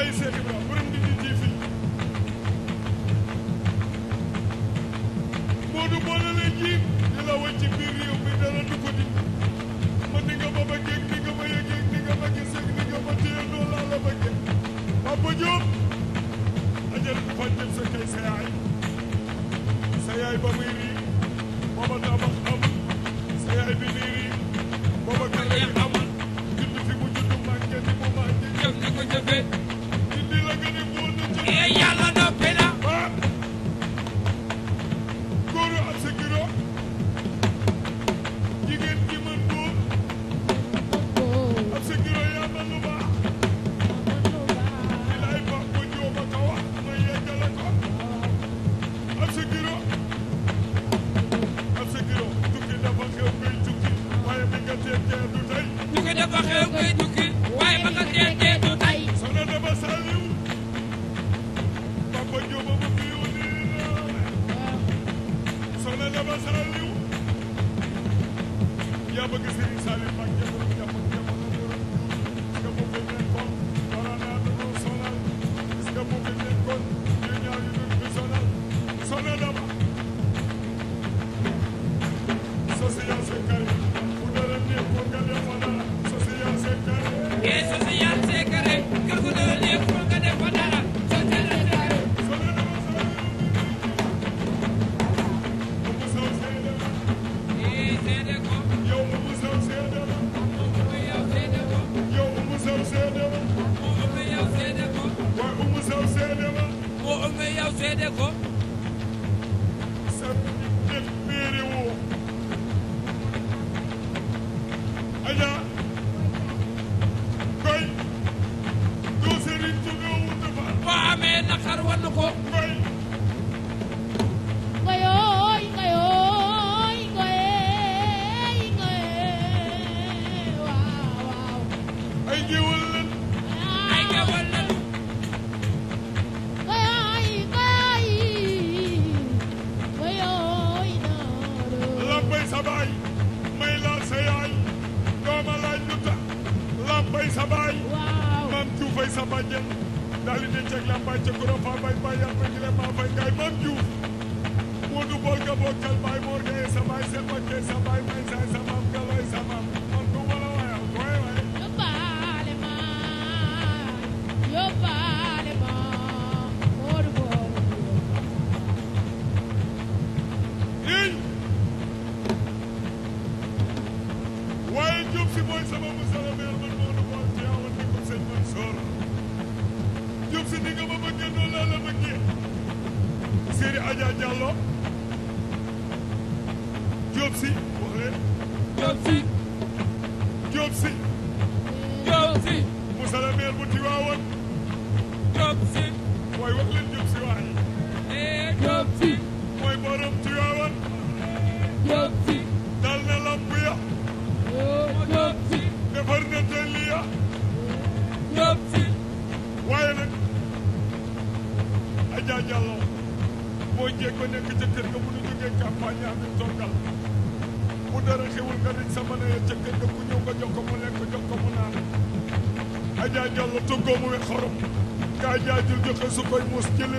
bàyyi Cheikh Ibrahima borom nit ñi ji fii Moodu moo la lay jiib di la wàcc biir réew mi dara du ko di ma di nga ma bëggee di nga ma yëgee di nga ma gisee di nga ma téye loolu laa la bëggee Papa Diop ajal fàjjal sa kay sa yaay sa yaay ba muy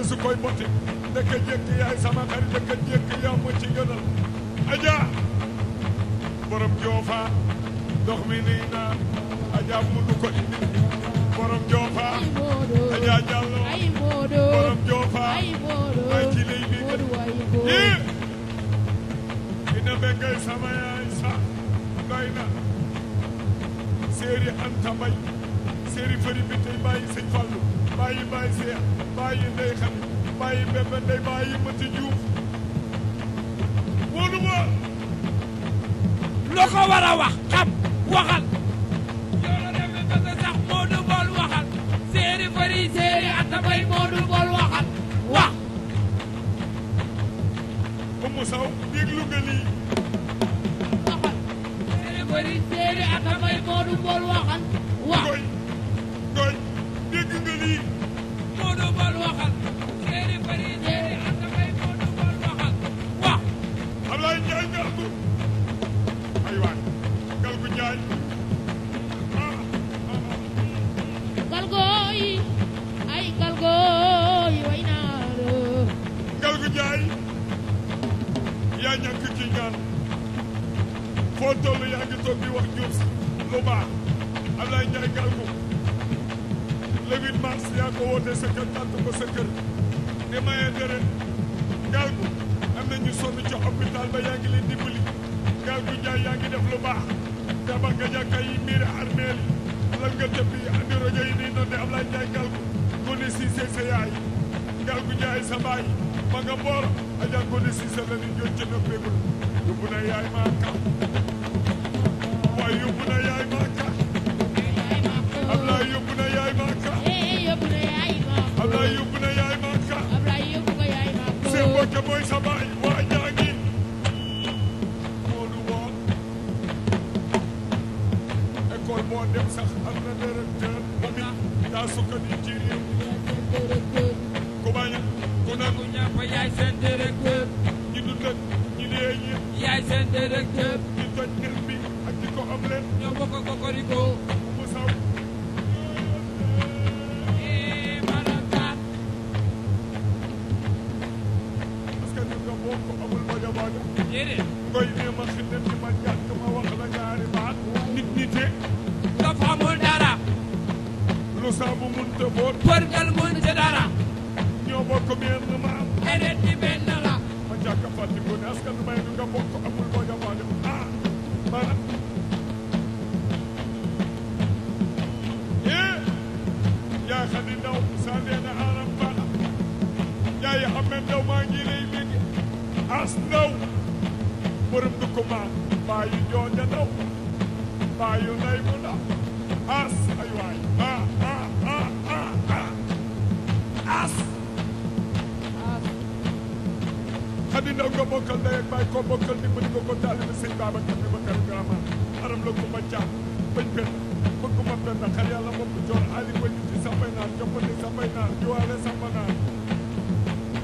su koy mot ya xam ndaw maa ngi lay bégg as ndaw borom du ko maam baayu jooja ndaw baayu nay bu ndaw as ay waay as xadi ndaw nga bokkal ndey ak baay koo bokkal di bëgg nga ko taalibi sëñ Babacar bi Bakar Gama aram la ko ma jaam bañ benn bëgg ma benn xar yàlla moom joor ali bañu ci sambay naan joppandi sambay naan juwaale samba naan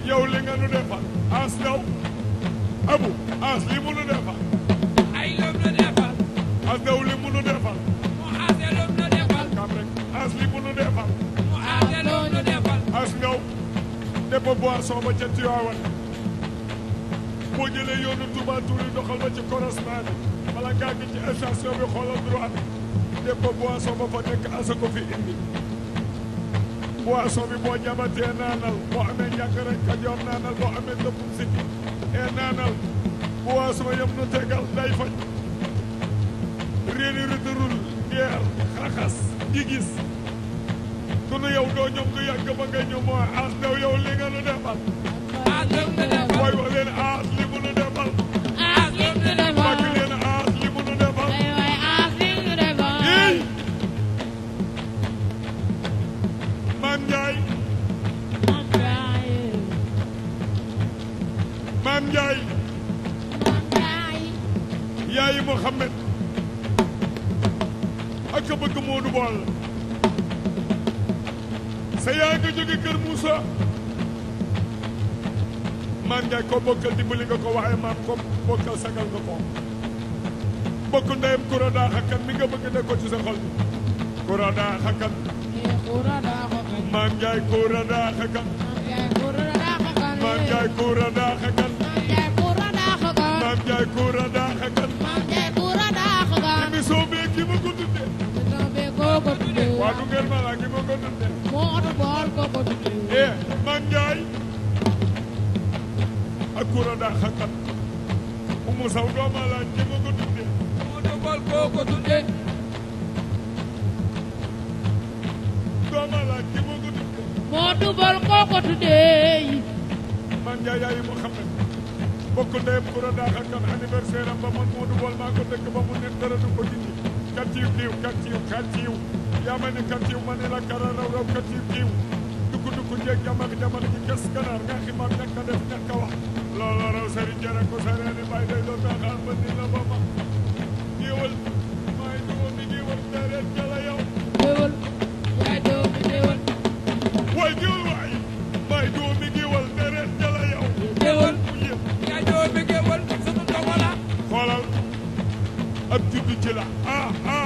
yaw li nga nu defal as ndaw abu as li mu nu defal ay lom nu defal as ndaw li mu nu defal mu aase lom nu defal mu nu defal mu aase lom nu defal as ndaw dépôt boisson ci corosement bi bala ngaa ngi ci station bi xoolal droit fa nekk asa ko fi indi boisson bi boo jabatee naanal boo amee njàkk rek naanal boo amee dëppum sikki e naanal boisson yëpp nu tegal day faj réeni rëtërul geer xaxas jigis ku nu yow doo ñoom du yàgg ba ngay ñëw moo aas dew yow li nga nu defal waay wax leen aas li ko bokkal dimbali nga ko waaye maam ko bokkal sagal nga ko bokk ndeyam kurada xakkan mi nga bëgg ne ko ci sa xol bi kurada xakkan maam jaay kurada xakkan maam jaay kurada xakkan maam jaay kurada xakkan émission bi ki ma ko tuddee waa du ngeen ma laa buur a daa xakkat umu saw dooma laa jéem a ko tuddee umu domal koo ko tuddee moo dubal koo ko tuddee man njaay yaayi mu xam ne bokk ndeyam buur ba man moo dubal maa ko dëkk ba mu ne dara du ko jindi katiw kiiw katiw katiw yaa ma ne katiw raw raw katiw kiiw dugg dugg njëg jamak jamak ji kes ganaar nga ximaar ñàkk def ñàkk a looloo raw Serigne Jara ko saree ni bàyyi day doon taxaar ba dina ba ma jiwal maay jiwal mi jiwal déedéet jala yow. jiwal maay jiwal mi jiwal. waay jiwal waay maay jiwal mi jiwal déedéet jala yow. jiwal maay jiwal mi jiwal surtout Togola. xoolal ab juddu ci la ah ah.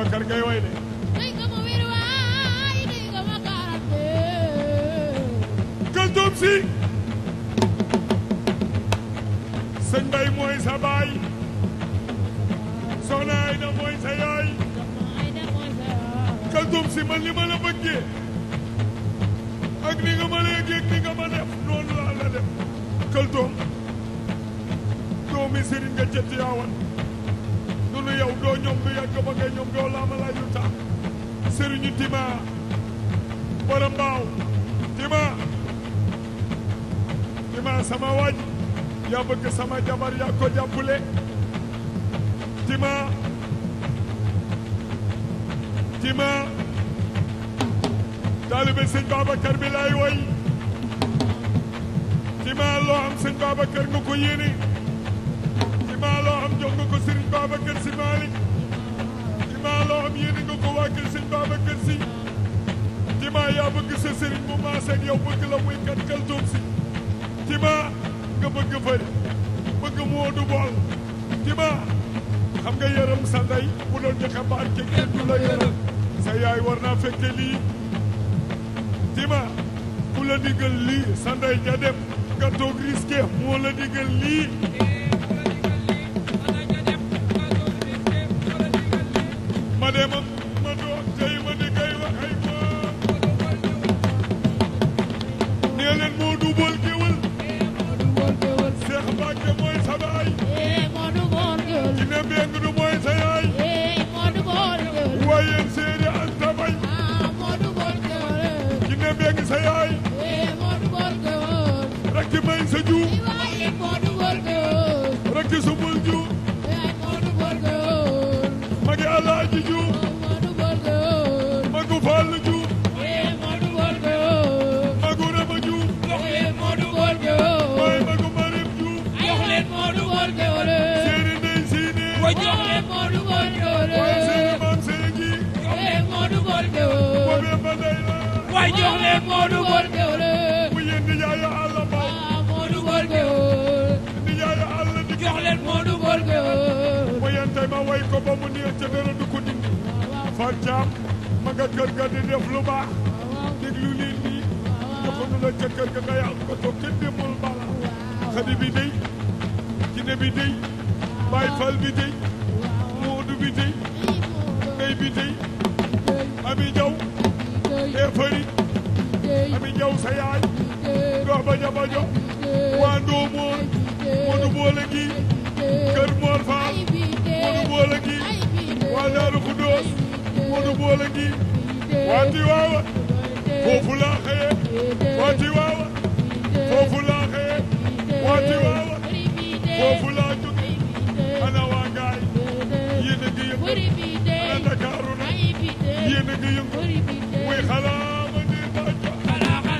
Babacar ngay way de kaltoom si sëñ bay mooy sa baay soxna Ayda mooy sa yaay kaltoom si man li ma la bëggee ak ni nga ma leen yëg ni nga ma def noonu laa la def kaltoom doomi sëriñ nga jëtt yaawan yow doo ñoom du yàgg ba ngay ñoom doo laama lay yu tax sëriñu Tima sama waaj yaa bëgg sama jabar yaa ko jàppale Tima Tima taalibe sëñ Babacar bi laay woy Tima loo am sëñ Babacar nga ko yéene sëriñ Babacar Sy Malick dimaa loo xam yéene nga ko waa kër sëriñ Babacar Sy dimaa yaa bëgg sa sëriñ mu maase ak bëgg la muy kat kaltoom si dimaa nga bëgg fëri bëgg moodu bool dimaa xam nga yërëm sa ndey bu doon ñu xabaar ke du la yërëm sa yaay war naa fekke lii dimaa ku la diggal lii sa ndey ja dem nga toog risqué moo la diggal lii Adema ngi yëngu muy xalaa ma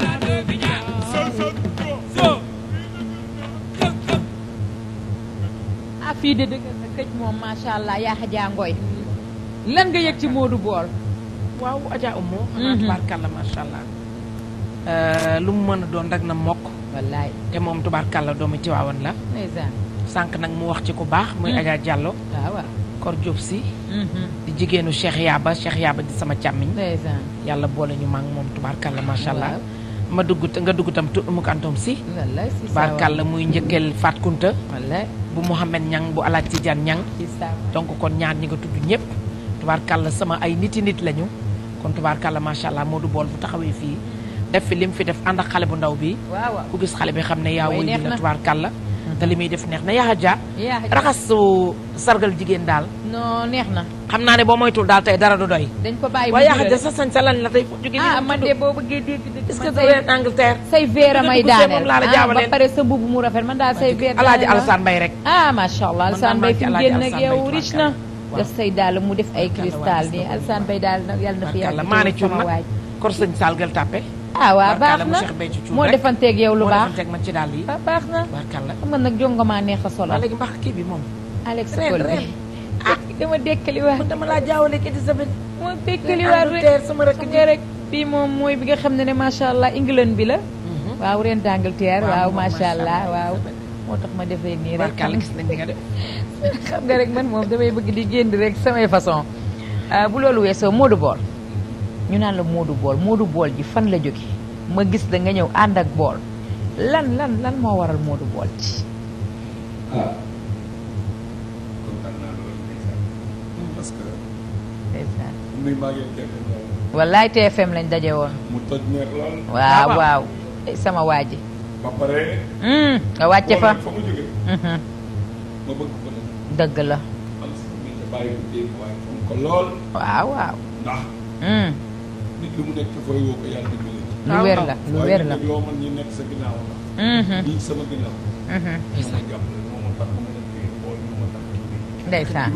ni de dëgg sa këj moom masha allah yaa xajaa ngoy lan nga yëg ci Modou Bool waaw Adja Omo mhm. xanaa tubaarkàlla masha allah euh, lu mu mën doon rek na mokk wallaay te moom tubaarkàlla ci Tiwaawan la sànq nag mu wax ci ku baax muy mhm. Adja jàlloo Kor Diop si. Mm-hmm. di jigéenu Cheikh Yaba Cheikh Yaba di sama càmmiñ. yàlla boole ñu maa ngi moom tubaarkàlla macha allah. ma dugg nga dugg tam mu kantoom si. tubaarkàlla muy njëkkeel Faat Kunta bu Mouhamed Ñang bu Alaaj Tijaan Ñang donc kon ñaar ñi nga tudd ñëpp. tubaarkàlla sama ay nit yi nit lañu. kon tubaarkàlla macha allah du Bool bu taxawee fii. def fi li mu fi def ànd xale bu ndaw bi. ku gis xale bi xam ne yaa woy dina tubaarkàlla mm-hmm. te li muy def neex na yaa raxas sargal jigéen daal. non neex na. xam naa ne boo moytul daal tey dara du doy. dañ ko bàyyi waaye yàq de sa la tey. ah man de boo bëggee dégg say veera may ah, sa mbubb mu rafet man daal say veera. alaaji Alassane Mbaye rek. ah macha allah Alassane fi mu génn ak yow riche na. def say daal mu def ay cristal ni Alassane Mbaye daal nag na fi yàgg. maa ne cuub nag kor sëñ Salgal Tappe. ah waaw baax na moo defanteeg yow lu baax baax na xam nga nag jongomaa neex a solo. Alex Colby ren ah dama dekkaliwaat. dama laa jaawale ak ma rek sama rakk rek. bii moom mooy bi nga xam ne ne macha allah England bi la. Mhm. waaw ren d'Angleterre waaw macha allah waaw. moo tax ma defee nii rek xam nga rek man moom damay bëgg di génn rek samay façon ah, bu loolu weesoo Modou Bool ñu naan la Modou Bool Modou Bool ji fan la jóge ma gis da nga ñëw ànd ak bool lan lan lan moo waral Modou Bool ji. muy wallaay TFM lañ daje woon. Ah, waaw waaw eh, sama waa ji. ba pare. Hmm, nga wàcce fa mhm. dëgg la. am na lu hmm. ah, wér la lu wér la waaye nekk sa ginnaaw la. Mhm. lii sama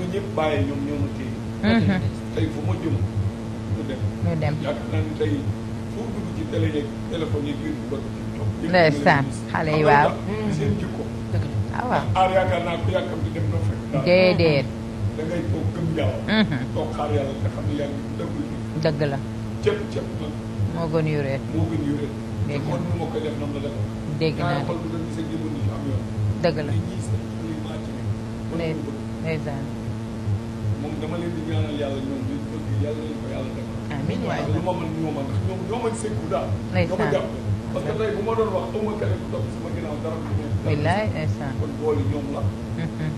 tey fu ma jëm ñu dem. ñu dem yaakaar naa ne tey foo dugg ci télé yeeg téléphone yeeg yooyu bëgg ci toog. ndeysaan xale yi ah, waaw. seen jikko. dëgg la ah waaw. aar yaakaar naa ku yàkkam di dem doo fekk. déedéet. da ngay toog gëm yàlla. Mhm. toog xaar yàlla nga xam ne yàlla dëggul ji. dëgg la. cëpp cëpp nag. moo gën yuréet. moo gën yuréet. dégg naa kon nu ma koy def noonu la def. dégg naa ne xool bu doon gisee jëmm ni am yoon. dëgg la. ndeysaan. moom dama leen di ñaanal yàlla ñoom di bëgg yàlla nañu ko yàlla def. amiin waay lu ma mën ñoo mën ñoom ñoo mën sëñ bu daal. ñoo ma jàpp parce que tey bu ma doon wax aw ma keneen ku topp sama ginnaaw dara du nekk. billaay ndeysaan kon booli ñoom la. Mm-hmm.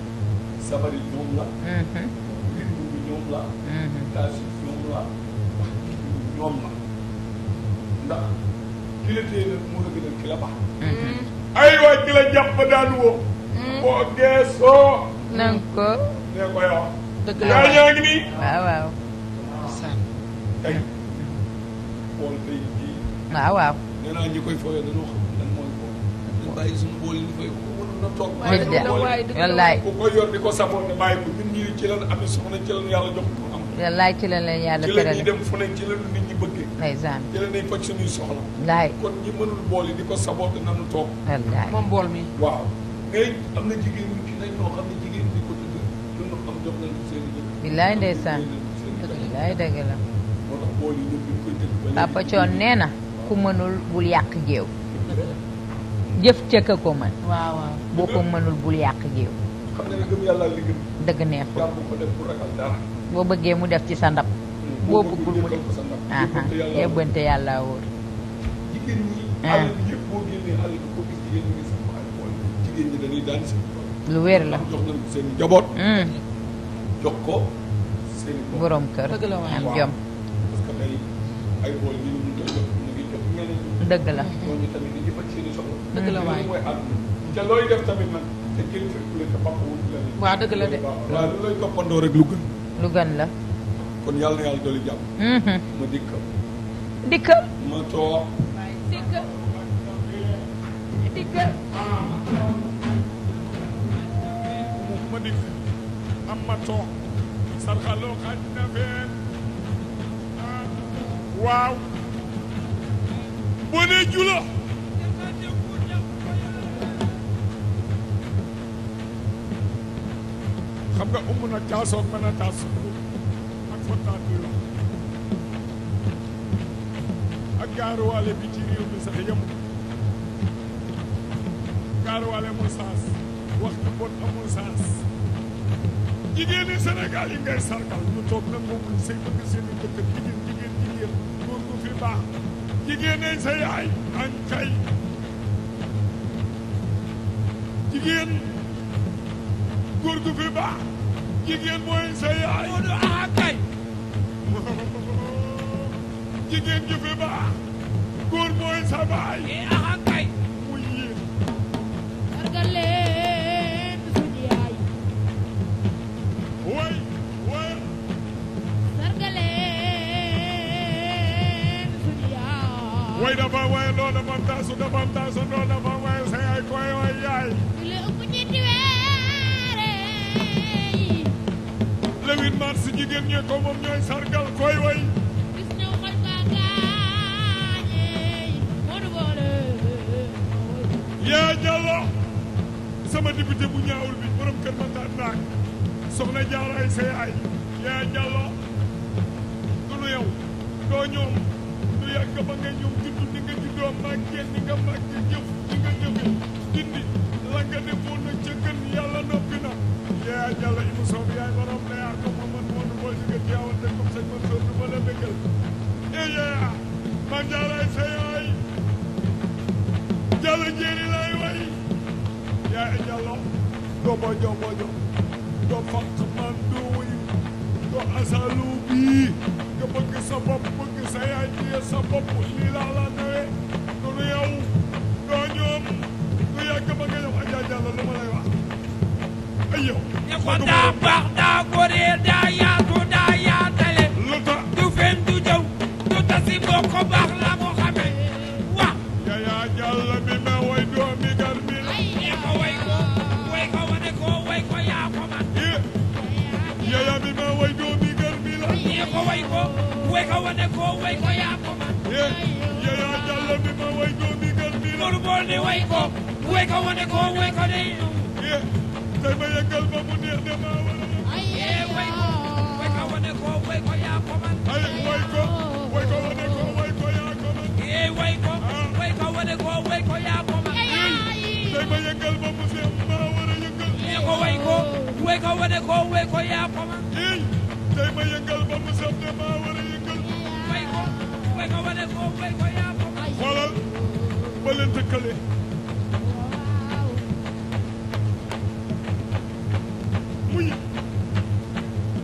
sabari ñoom la. rythme mm-hmm. bi ñoom la. tâche mm-hmm. yi ñoom la. wax ñoom la ndax ki la téye nag moo la gën a ki la baax. aywa ki la jàpp daan woo. boo geesoo. na nga ko. nee ko yow. dëgg la gaal yaa ngi waaw waaw. ay. bool tey jii. waaw waaw. nee ñi koy fooyee dañoo xam lan mooy bool. ñu bàyyi suñu bool yi ñu ko saboon ne bàyyi ko ñun ñii ci lan amee soxna ci lan yàlla jox ko am. wallaay ci lan lañ yàlla terale ci la ñuy dem fu ne ci la nit ñi bëggee. ndeysaan ci la ñuy faj suñuy soxla. wallaay kon ñi mënul bool di ko saboon nañu toog. wallaay mi. billaay ndeysaan billaay dëgg la papa coon nee na ku mënul bul yàq géew jëf cëkk ko mën boo ko mënul bul yàq géew dëgg neexul boo bëggee mu def ci sa ndab boo bëggul mu def aha yëbbante yàlla wóor ah. lu wér la jox ko seen am jom dëgg la ñooñu tamit dëgg la waay mooy àdduna te looy def tamit la waaw dëgg la de waaw lu lay toppandoo rek lu gën lu mm-hmm. ma toog dikkal dikkal ma ammatoo sarxaloo xaj na feen waaw bone jula xam umu na caasoog mën a taas ak fontaan bi wax ak gaaruwaale bi ci réew mi sax yem gaaruwaale amul saas wax ju bon amul saas jigéen ñi Sénégal yi ngay sargal ñu toog nag moom ak say bëgg seen i dëkk jigéen jigéen jigéen góor gu fi baax jigéen ñi sa yaay añ kay jigéen gu fi baax jigéen mooy sa yaay a kay jigéen ju fi baax góor mooy sa baay eh, jigéen ñee ko moom ñooy sargal koy way yaa jàllo sama député bu bi borom kër Matar naag soxna jaaraay sa yaay yaa du lu yow du yàgg ba nga ñëw juddu ni nga juddoo ni nga jëf ni nga jëfe dindi la nga defoon man jaalaay sa yaay jalla jeeri laay way yaa e jallo do bojo bojo do fakk man do wuy do asalu bi nga bëgg sa bopp bëgg sa yaay téye sa bopp lii laa la nawe du nu yow doo ñoom du yàgg ba nga ñëw ajaa jàlla lu ma lay wax ay yow nga wane ko way ko yaa ko man. yéen yaa jàll bi ma way ko bi ngeen bi la. Modou Bol ni way ko. way ko wane ko way ko de. yéen tey ma yëgal ma mu neex de maa wala. yéen way ko way ko wane ko way ko yaa ko man. ay way ko way ko wane ko way ko yaa ko man. yéen way ko way ko wane ko way ko yaa ko man. tey ma yëgal ma mu neex maa wala yëgal. yéen ko way ko way ko wane ko way ko yaa ko man. tey ma yëgal ma mu neex de maa wala. xoolal ba leen tëkkale muy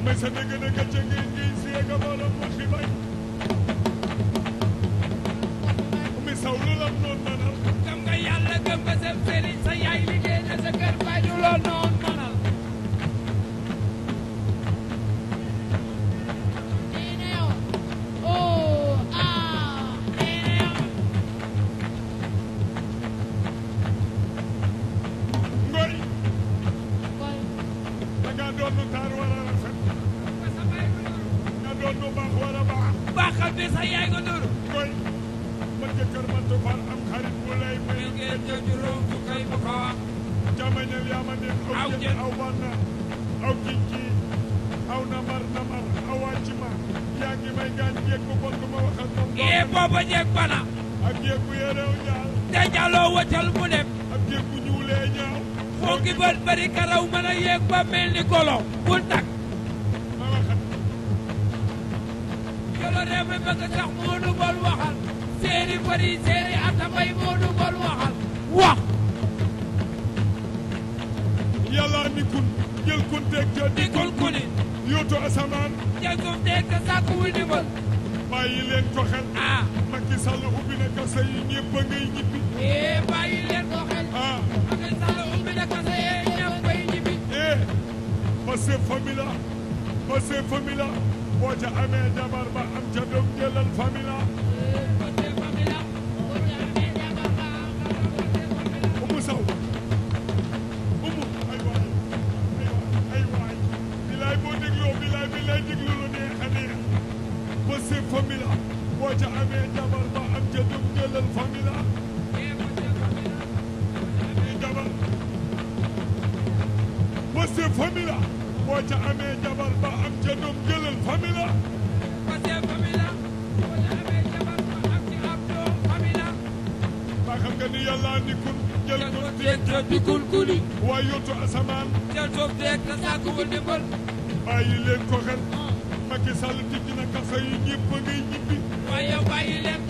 mais sa dégg-dégg ca ngeen ngiy siyee nga boole mu xibaar yee eh, booba jeeg bana te jaloo wëccal mu dem xonki bët bari karaw mën a yéeg ba mel ni golo bu tag golo réew mi bëgg sax moo nu bol waxal seeri fari seeri atabay moo nu bol waxal wax yàlla ni kun jël kun teg ca di kun yóotu asamaan. jëndu dee te sàkkuwul ndimbal. bàyyi leen ko xel. ah Macky Sall ubbi na kasa yi ñëpp a ngay ñibbi. eh bàyyi leen ko xel. ah Macky Sall ubbi na kasa yi ñëpp ñibbi. eh Pastef famille la Pastef famille amee jabar ba am ca doom jëlal famille boo ca amee jabar ba am ca dug jëlal famila di jabar pase famila boo ca amee jabar ba am ca dug jëlal famila pase famila boo ca amee jabar ba am ci ab doom famila ba xam nga ni yàlla ni kun jël kun teeg ta di kun kuli waaye yottu asamaan jël toob teeg ta saakuwul ndimbal bàyyi leen ko xel Macky Sall tijji na kaso yi ñëpp ngay ñibbi yow bàyyi leen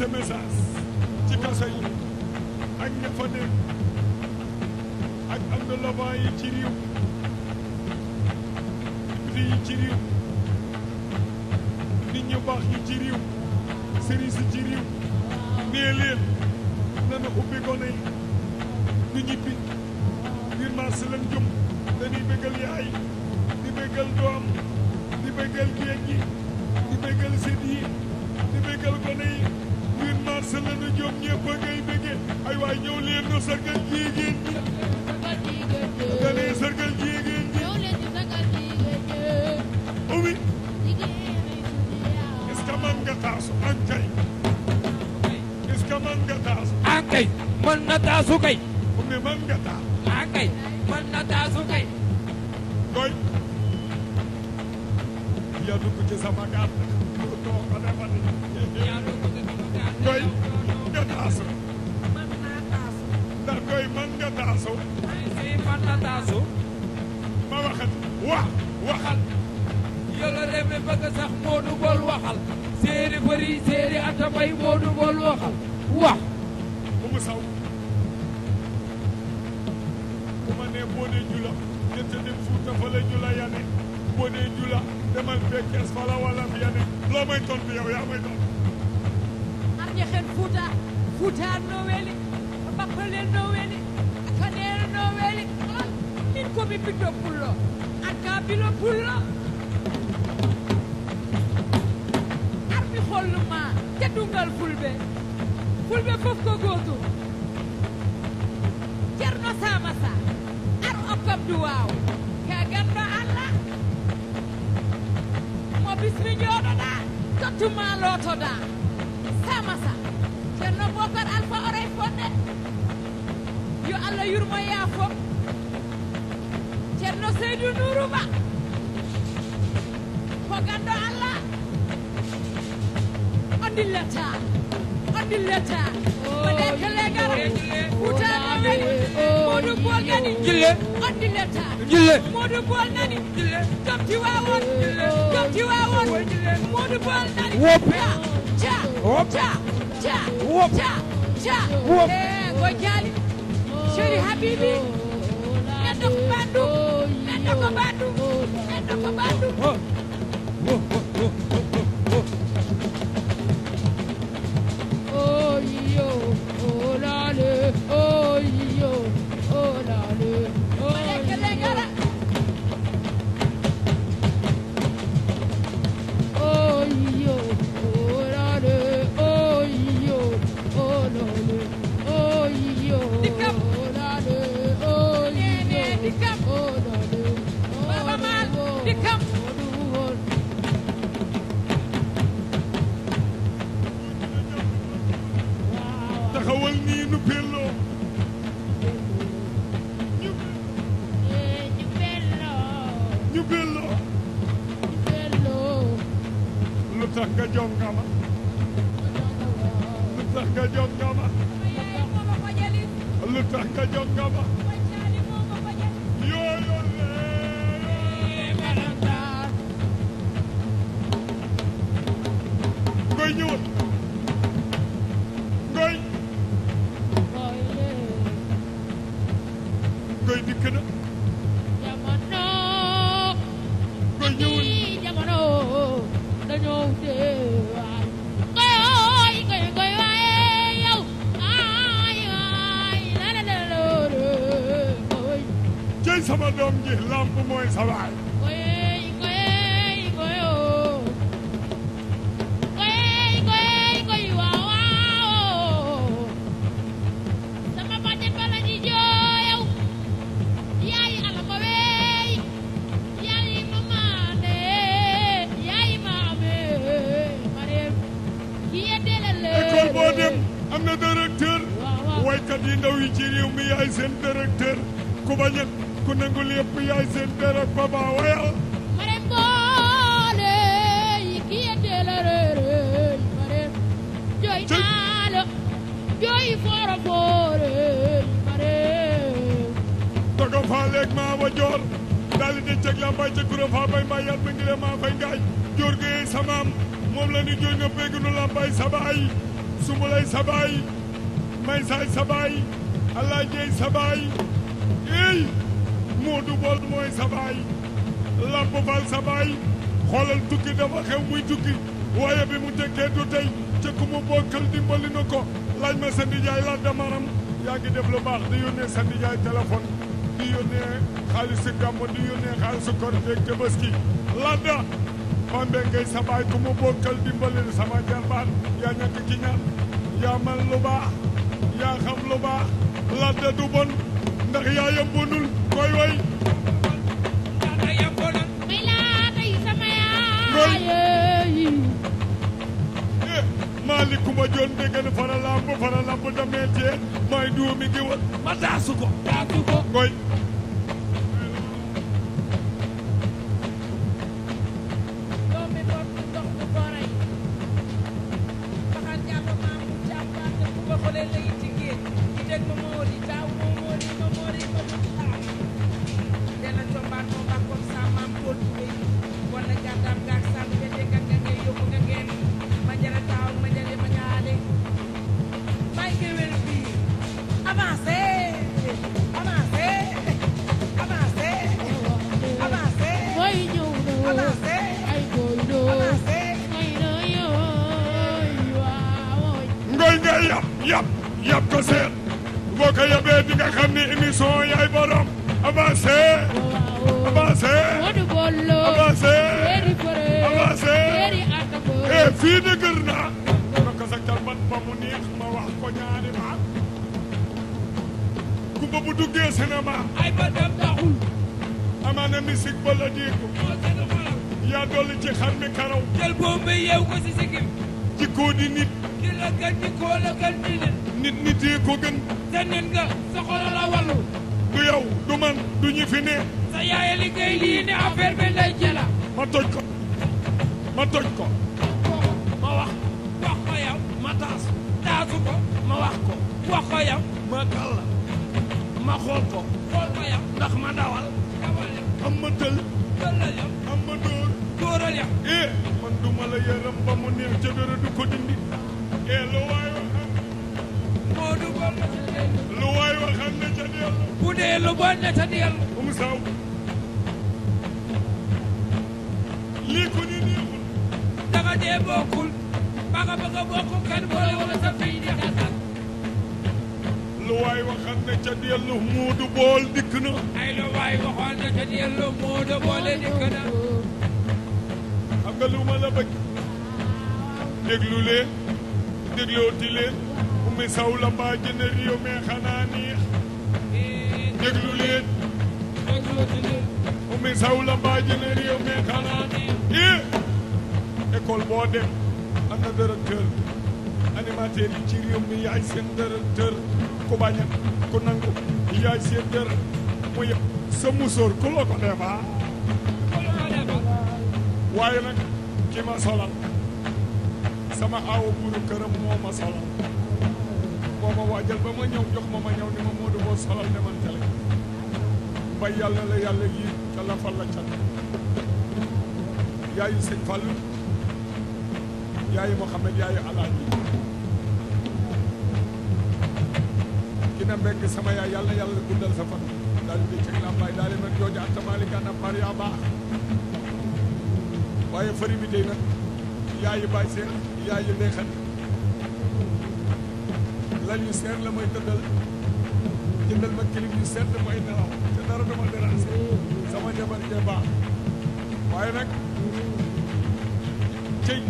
sa ci kaso yi ak ña fa nekk ak am na lobaan yi ci réew député yi ci réew nit ñu baax ñi ci réew sëriñ ci réew nee leen nana ubbi gone yi du ñibbi ngir mars leen jëm dañuy bëggal yaay di bëggal doom di bëggal géej gi di bëggal sët yi di bëggal gone yi biir mars la nu jóg ñëpp a ngay bëgge ay waay ñëw leen nu sargal jigéen ñi dalee sargal jigéen ñi ubi est-ce que man nga taasu ankay est-ce que man nga taasu ankay man na taasu kay mu ne man nga taas ankay man na taasu kay koy ya dugg ci sama gàtt koy nga taasu ndax koy mën nga taasu mën na taasu ma waxat wax waxal yolo réew mi bëgg sax Modou Bol waxal séeri bëri séeri atabay Modou Bol waxal wax bu mu saw bu ma nee boo dee jula ñett dem Fuuta fa la jula yane boo dee jula demal bekkees fa la wala fi yane loo may tontu yow yaa may tontu Fuuta Fuutaan no weeli Bappalel no weeli Kaneere no weeli ah, min komi ɓiɗɗo pullo an ka bilo pullo armi holluma teddungal fulɓe fulɓe fof ko gooto ceerno samasa ar okkam duwaw ka ganɗo allah mo bisni jooɗoɗa tottuma lootoɗa Andil leta andil leta ma nekk legar utaana nani Modou Bol nani jille andil leta jille Modou Bol nani jille kam ti waawoon kam ti waawoon Modou Bol nani wop ca wop ca ca wop ca ca wop eh go jali chéri habibi neɗɗo ko bandum neɗɗo ko bandum neɗɗo ko bandum lu tax nga jóg nga ba na waykat yi ndaw yi ci réew mi yaay seen directeur ku bañ a ku nangul yëpp yaay seen dara baba waya daga faa leeg maa wa joor daal di ceg la mbay ca bay mbay yal bi ngi maa fay ngaay joor gëyee samaam moom la ni jooñ nga béegunu la mbay sabaay Sumulay sa baay Maysaay sa baay allah sa baay éy Moodu Bool mooy sa baay Lamp Fall sa baay xoolal tukki dafa xew muy tukki waaye bi mu tekkee du tey ca ku mu bokkal dimbali na ko laaj ma sa nijaay laaj yaa ngi def lu baax di yónnee sa nijaay téléphone di yónnee xaalisu gàmmu di yónnee xaalisu korite ak tabaski ladda Bambe ngay sa baay ku mu bokkal dimbali sama jarbaan yaa ñàkk ki ñaan yaa lu baax yaa xam lu baax ladde du bon ndax yaa yëmbonul koy way maaliku ma joon fara lamb fara lamb damee may duumi giwal ma taasu ko taasu ko koy fii dëgër naa ma ko sakkal man ba mu neex ma wax ko ñaari ma ku ba bu duggee cinéma ay ba dem taxul amaana musique ba la diiku yaa dolli ci xam mi karaw jël boobu yeew ko si sikkim nit ki la gën nit nit nit nit nga sa xol wallu du du man du ñi fi ne sa yaay liggéey lii ne affaire bi lay jëla ma toj ko ma toj ko wax ko wax ko yam ma kal la ma xool ko xool ko yam ndax ma dawal dawal yam am ma tël tëlal yam am ma dóor dóoral yam eh man du ma la yërëm ba mu neex ca dara du ko dindi eh lu waay wax am moo du bon na ca dellu lu waay wax am na ca dellu bu dee lu bon na ca dellu um saw lii ku ñu neexul danga dee bokkul ba nga bëgg a bokk kan boole wala sa fii di lu waay waxoon ne ca dellu muudu bool dikk na. ay lu waay waxoon ne ca dellu muudu bool dikk na. xam nga lu ma la bëgg. déglu leen. déglooti leen. Oumy Sow la mbaa jënd réew mi xanaa neex. déglu leen. déglooti leen. Oumy Sow la mbaa jënd réew mi xanaa neex. Eh! école boo dem am na directeur animateur yi ci réew mi yaay seen directeur. ko baña ku nangu yaay seen dër mu yëpp sa musóor ku la ko defa ah. waaye nag ki ma solal sama aawu buuru këram moo ma solal moo ma waajal ba ma ñëw jox ma ma ñëw ni ma Moodu boo solal demantele bay yàlla la yàlla yii te la fal la cat yaayu sëñ Fallou yaayu Mouhamed yaayu Alaaji Amina Mbengue sama yaay yàlla yàlla guddal sa fan daal di ceg la mbaay daal di mel jooju antamali gànna mar yaa baax waaye fari bi tey nag yaayi baay seen yaayi ndey xat lal yu seer la mooy tëddal jëndal ma kilim yu sedd may nelaw te dara dama dérangé sama jabar jee baax waaye nag cëy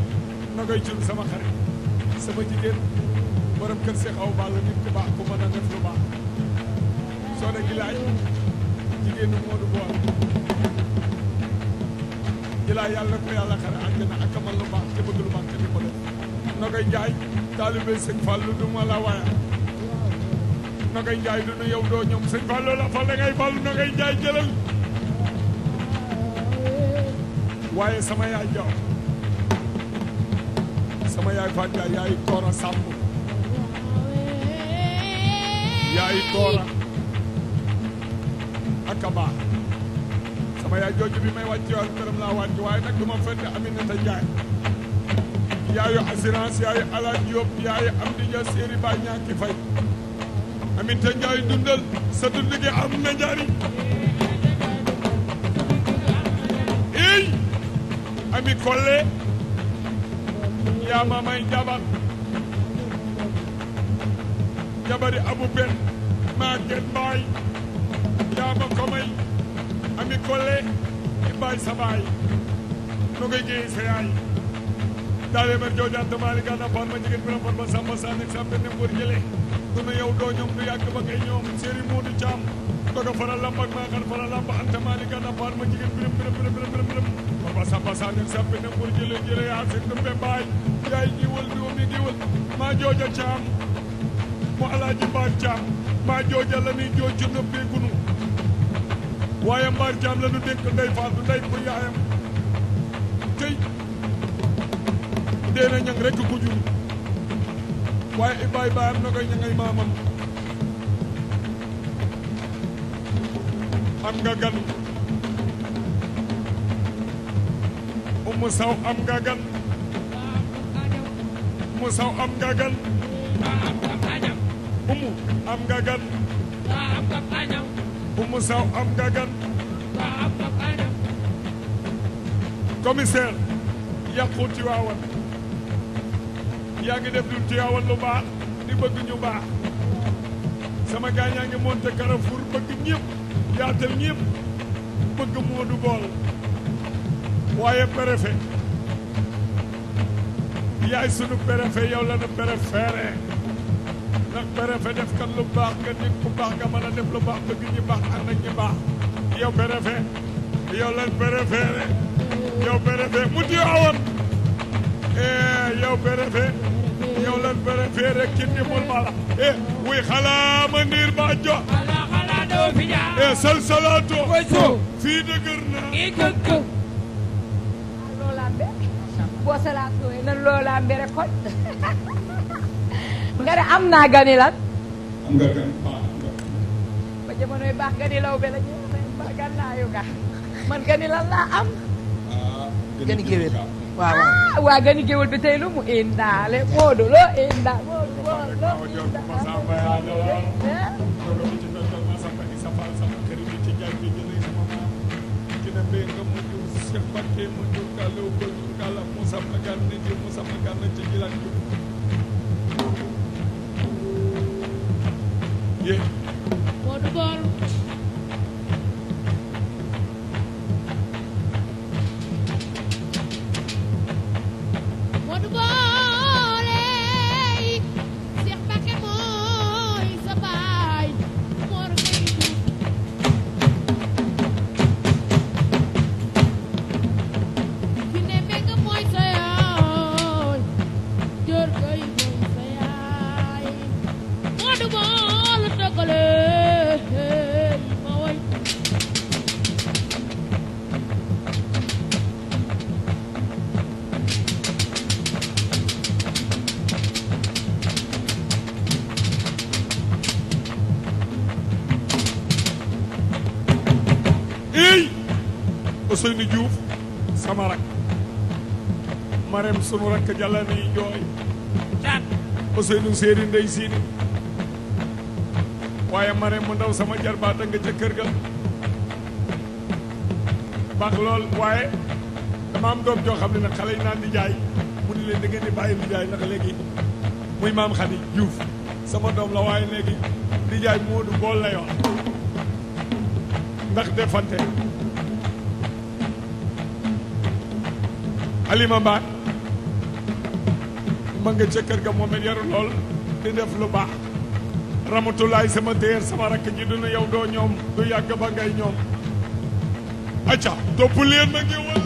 na koy cun sama xarit sama jigéen borom kër Cheikh Awa Balla nit ku baax ku mën a def lu baax soo ne gilaay jigéenu Modou Boor gilaay yàlla ko yàlla xare àjjana ak amal lu baax te bëgg lu baax te di ko Njaay taalibe sëñ Fallou du ma la waaya Nogay Njaay du nu doo ñoom sëñ Fallou la fal da ngay fal Nogay Njaay jëlal waaye sama yaay jaw sama yaay Fatou yaay Kora Samb yaayu toora ak a baax sama yaay jooju bi may wàcc yoon këram laa wàcc waaye nag du ma fëtte Aminata Njaay yaayu assurance yaayu alaaj yaayu am di ja séeri ba ñaaki fay Aminata Njaay dundal sa dund gi am na njariñ ey ami kolle yaa ma may jabari abu benn Maguette Mbaye yaa ma ko may i mbaay sa baay no koy géey sa yaay daawee mar joojaat damaali gaa na ma jigéen bi rapport ba samba saan ak sàmbe du na yow doo du yàgg ba ngay ñoom Serigne Modou Thiam doga fara lamb ak maaxar fara lamb anta maali gaa na ma jigéen biram biram biram biram ba samba saan ak sàmbe ne góor jële jële yaa yaay giiwal du mi giiwal jooja Thiam mu alaaji mbaar caam maa jooja la nuy jooj ci noppeegunu waaye mbaar caam la nu dénk ndey faatu ndey bu yaayam tey dee na ñang rekk ko jur waaye i baay baayam na maamam am nga gan umu saw am nga gan umu am nga gan. waaw am nga kañam. umu saw am nga gan. am nga kañam. commissaire yàqu Tiwaawan yaa ngi def Tiwaawan lu baax di bëgg ñu baax sama gaañ yaa ngi monté bëgg ñëpp yaatal ñëpp bëgg Modou Boll waaye préfet yaay sunu préfet yow la nu ndax préfet def kan lu baax nga nit ku baax nga mën a def lu baax bëgg ñi baax ànd ak ñi baax yow préfet yow leen préfet rek yow préfet mu di awoon eh, yow préfet yow leen préfet rek ci ndimul ma la eh wuy xalaa ma ndiir ba jo e sal salaato fii dëgër na boo salaatoo nan loola mbere kon nga am naa gani lan. am nga gan baax ba jamonoy baax gani law be la ñu baax gannaayu man gani lan laa am. Ah, gani géwél waaw ah, waa gani géwél bi tey lu mu indaale Moodu loo inda Moodu loo inda Cheikh Bakke mu jóg kàlla wu ko kàlla Moussa Magane ci Moussa Magane ci Jilaan Modou Bor Ousseynou juuf sama rak Marème sunu rakk jàlla nay jooy caat Ousseynou séeri ndey siini waaye Marème mu ndaw sama jarbaata nga ca kër ga baax lool waaye dama am doom joo xam ne nag xale yi naan di jaay mu ni leen da ngeen bàyyi di ndax léegi muy maam Xadi Diouf sama doom la waaye léegi di jaay Moodu bool la ndax defante alima mbaan ma nga ca kër ga di def lu baax ramatulaay sama téer sama rakk ji du na doo ñoom du yàgg ba ngay ñoom acca topp leen ma ngi moo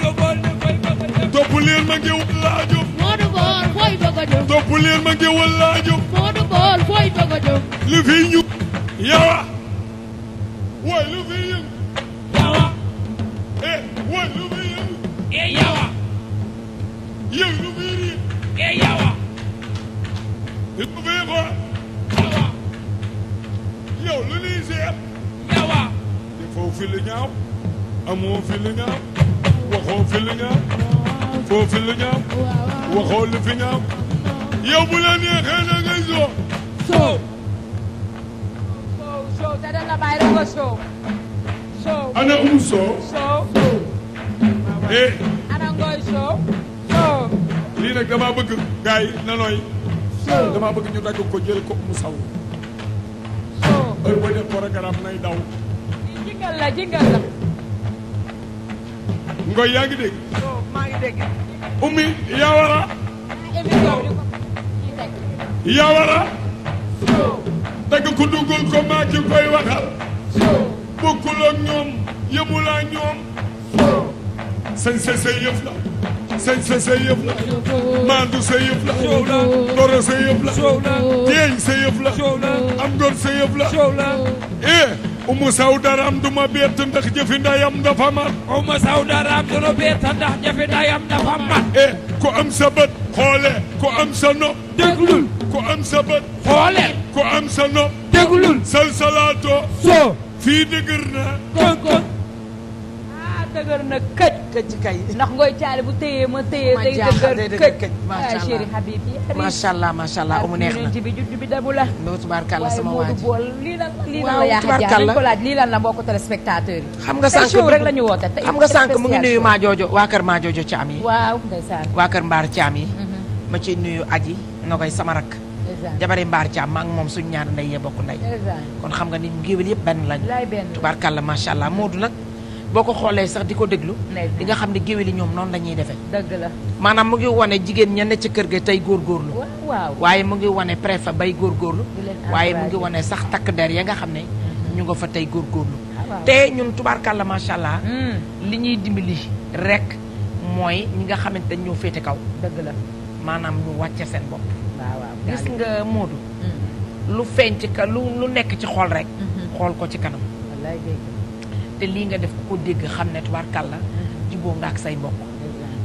doo boor ne koy bëgg a dem topp leen ma ngi walla ajoof moo doo boor fooy bëgg a dem topp leen ma li fi ñu yawa na nooy damaa ko yaa ngi dégg ummi yaa war a yaa war dagg ko duggul ko maa ki koy waxal bokkul ak ñoom yemul ñoom sañ yëf la sañse sa yëf la mandu sa yëf la goro sa yëf la jeeñ sa yëf la am ngor sa yëf la eh umu saw daraam du ma bett ndax jëfi ndayam dafa mat umu saw daraam du ma bett ndax jëfi ndayam dafa mat eh ku am sa xoole ku am sa nopp déglul ku am sa xoole ku am sa nopp déglul sal so fii dëgër na dëgër na këj. këj kay ndax ngooy caali bu téyee ma téyee. ma jaaxal day dëgër këj. macha neex na bi judd bi dabu la. waaye Modou Bool lii lan lii la yaa xam ko laaj lii lan la mbokku téléspectateur yi. xam nga sànq rek la ñu woote tey xam nga sànq mu ngi nuyu maa waa kër maa joojo yi. waaw ndeysaan waa kër mbaar caam yi. Mhm. ma ciy nuyu aji na koy sama rak jabari mbaar caam maa moom suñ ñaar ndey yee bokk ndey kon xam nga ni géwél yëpp benn lañ tubaarkàlla macha allah moodu nag boo ko xoolee sax di ko déglu di nga xam ne géwél yi ñoom noonu la ñuy defee dëgg la maanaam mu ngi wane jigéen ñenn ci kër ga tey góorgóorlu waaw waaye mu ngi wane préfet bay góor góorgóorlu waaye mu ngi wane sax takk der ya nga xam ne mm-hmm. ñu nga fa tey góor góorgóorlu ah, te ñun kàll macha allah. Mm. li ñuy dimbali rek mooy ñi nga xamante dañ ñoo féete kaw dëgg la maanaam ñu wàcce seen bopp gis nga Modou mm. lu feeñ ci ka lu lu nekk ci xool rek mm-hmm. xool ko ci kanam te lii nga def ku ko dégg xam ne tubaarkàlla mm-hmm. juboo nga ak say mbokk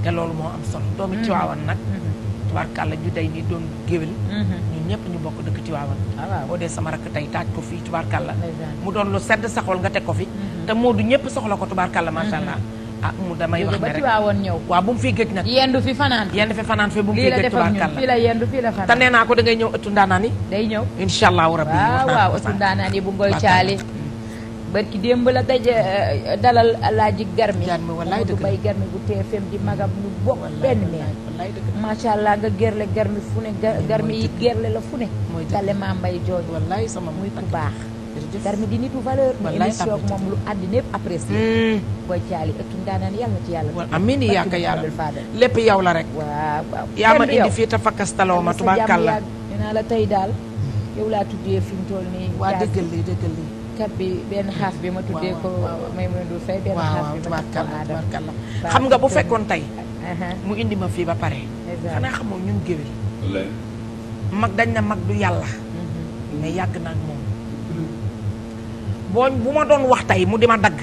te loolu moo am solo doomi mm-hmm. Tiwaawan nag mm-hmm. tubaarkàlla ñu day ni doon géwél ñun ñu bokk dëkk Tiwaawan ah, boo dee sama rakk tey taaj ko fii tubaarkàlla mu doon lu sedd saxool nga teg ko fi te Moodu ñëpp soxla ko tubaarkàlla macha allah ah mu damay wax ne rek waaw mu fi gëj nag yendu fi fanaan yendu fi fanaan fi bu mu fi gëj tubaarkàlla fii la yendu fii la fanaan te nee naa ko da ñëw ëttu ndaanaan yi day ñëw incha allahu rabbi waaw waaw yi bu ngoy caali barki démb la daje euh, dalal alaaji garmi du bay garmi bu TFM di magam ñu bokk benn meen macha allah nga gerle garmi fu ne garmi yi gerle la fu ne tale maa mbay jooju muy ku baax garmi di nitu valeur mu émission ak moom lu àddina yëpp apprécié hmm. booy caali ëttu ndaanaan yàlla na ci yàlla amiin yi yàkka yàlla lépp yow la rek waaw waaw yaa ma indi fii te fakkastaloo ma tubaakal la nee naa la tey daal hmm. yow laa tuddee fi nii waa dëggal lii lii kat benn xaas bi ma tuddee ko Maimouna Ndour Faye xam nga bu fekkoon tey uh-huh. mu indi ma fii ba pare xanaa xamoo ñun géwél mag dañ na mag du yàlla uh-huh. mais yàgg naa moom boo bu ma doon wax tey mu di ma dagg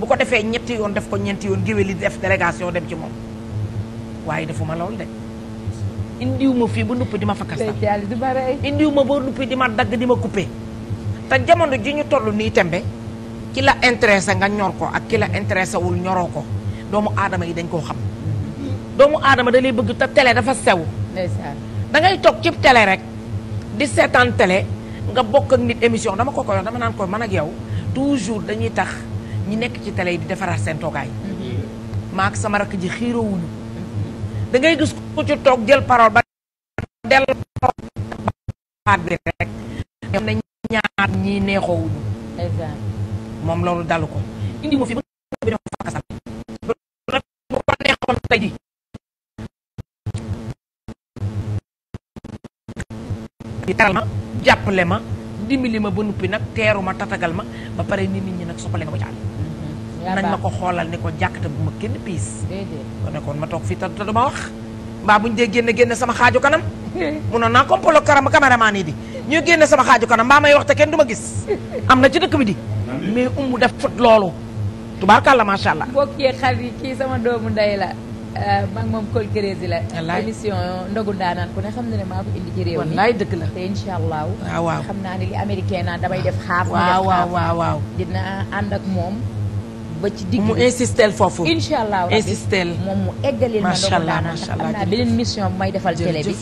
bu ko defee ñetti yoon def ko ñeenti yoon géwél def délégation dem ci moom waaye defuma lool de indiw ma fii bu nuppi di ma fakkasal indiw ma ba nuppi di ma dagg di ma coupé te jamono ji ñu toll nii tembe ki la intéressé nga ñor ko ak ki la wul ñoroo ko doomu aadama yi dañ koo xam doomu aadama da lay bëgg te tele dafa sew da ngay toog ci tele rek di seetaan tele nga bokk ak nit émission dama ko koy dama naan ko mën ak yow toujours dañuy tax ñi nekk ci tele yi di defaraat seen toogaay mm-hmm. maak sama rakk ji xiiroowuñu da ngay gis ku ci toog jël parole ba delloo baat bi rek ñii neexoowuñu moom loolu dalu ko indi ma fi ba bi dafa fakkasal nag bu ko ma jàppale ma dimbali ma ba nuppi nag teeru ma tatagal ma ba nit nit ñi nag soppale ma mm-hmm. ba caal ko xoolal ne ko jàkkata bu ma ma toog fii te duma wax buñ dee génn génn sama xaaju kanam mun a naa kompolo karama cameraman yi di ñu génne sama xaaju kanam mbaa may wax te kenn du ma gis am na ci dëkk bi di mais umu def fët loolu tubaarkàlla macha allah. mbokk yeeg xar yi kii sama doomu ndey la euh, maa ngi moom Col Crési la. émission ndogu ndaanaan ku ne xam na ne maa ko indi ci réew mi. wallaay dëgg la te incha allah. waaw waaw xam naa ne li américain naan damay def xaaf. waaw waaw waaw dina ànd ak moom. ba ci digg mu insistel foofu. incha allah insistel moom mu eggalil ma ndogu ndaanaan macha allah macha allah xam naa beneen mission bu may defal télé bi.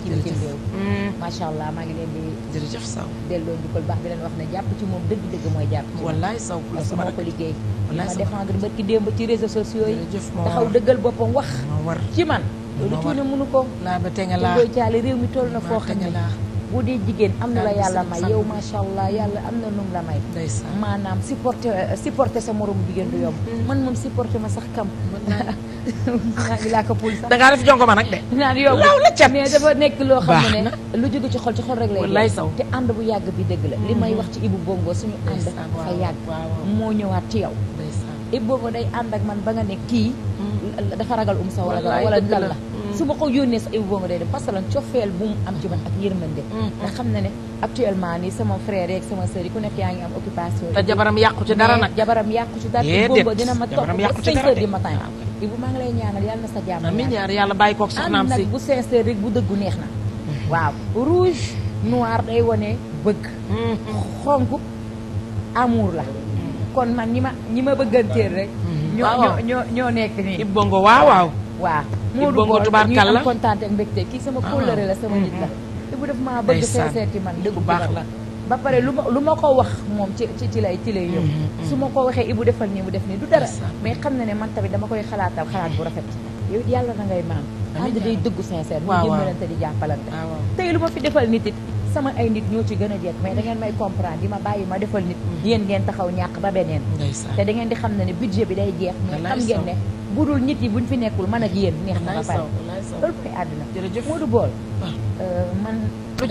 Mm. macha allah maa ngi leen di. jërëjëf Sow delloo njukkal baax di leen wax ne jàpp ci moom dëgg-dëgg mooy jàpp ci wallaay Sow parce que moo ko liggéey ma défendre barki démb ci réseaux sociaux yi taxaw dëggal boppam wax ci man loolu cuune mënu ko laa ba te réew mi toll na foo xam ne boo dee jigéen am na la yàlla may yow macha allah yàlla am na lum la may maanaam supporter euh, supporter sa morom jigéen du yomb mm-hmm. man moom supporter ma sax kam naa ngi laa ko puul sax dangaa def jongo ma nag de naan yow la cat mais dafa nekk loo xam ne lu jóge ci xol ci xol rek lay te ànd bu yàgg bi dëgg la li may mm-hmm. wax ci Ibou Bongo suñu ànd dafa yàgg moo ñëwaat ci yow Ibou Bongo day ànd ak man ba nga ne kii mm-hmm. dafa ragal um sa wala wala dal la su ma ko yónnee sa ibu nga day dem parce que lan bu am ci man ak yërmande ndax xam na ne actuellement nii sama frère yeeg sama sœur yi ku nekk yaa ngi am occupation te jabaram yàqu ci dara nag jabaram yàqu ci dara booba dina ma topp ba cinq heures du matin ibu maa ngi lay ñaanal yàlla na sa jàmm amiin yàlla bàyyi koog soxnaam si am nag bu sincère rek dëggu neex na mm-hmm. waaw rouge noir day wane bëgg mm-hmm. xonk amour la mm-hmm. kon man ñi ma ñi ma bëgganteel rek ñoo ñoo ñoo nekk nii Ibou Bongo waaw Modou Bongo tubaarkàlla ñuy am kontaan ak mbégte kii sama ah. kóllëre la sama nit la. Mm-hmm. te bu def maa bëgg see seeti man dëgg baax la. ba pare lu ma lu ma ko wax moom ci ci ci lay ci lay mm-hmm. su ma ko waxee bu defal nii mu def nii du dara mais xam ne ne man tamit dama koy xalaatal xalaat bu rafet yow yàlla na ngay maam ànd day dëggu sincère mu dimbalante di jàppalante tey lu ma fi defal nit it sama ay nit ñoo ci gën a jeet mais dangeen may comprendre di ma bàyyi ma defal nit mm-hmm. yéen ngeen taxaw ñàkk ba beneen te da ngeen di xam ne ne budget bi day jeex mais xam bu dul nit yi buñ fi nekkul man ak yéen neex na ba pare loolu mooy àdduna Modou Bool man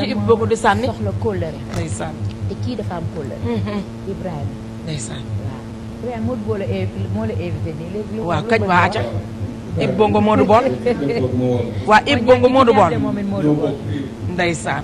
dama soxla kóllëre te kii dafa am kóllëre Ibrahima ndeysaan waaw Ibrahima Modou Bool moo la invité nii léegi waaw kañ waa aca Ib Bongo Modou Bool waa Ib Bongo Modou Bool ndeysaan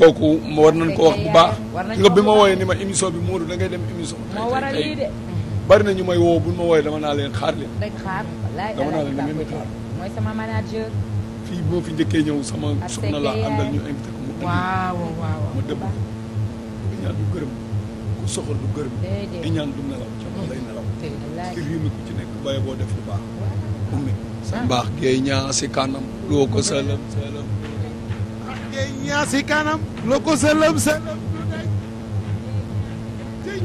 kooku war nañ ko wax bu baax nga bi ma wooyee ni ma émission bi Modou da ngay dem émission bari na ñu may woo bu ma wooyee dama naa leen xaar leen dama naa leen da ngeen di xaar mooy sama manager fii boo fi njëkkee ñëw sama soxna laa àndal ñu invité ko mu waaw ma dëbb ku ñaan du gërëm ku soxor du gërëm di ñaan du nelaw ca ma nelaw ci réew mi ku ci nekk baye boo def lu baax ummi sa ah. mbaax géey ñaa si kanam loo ko salam salam ngay ñaasi kanam la ko sëlëm sëlëm du daj tëj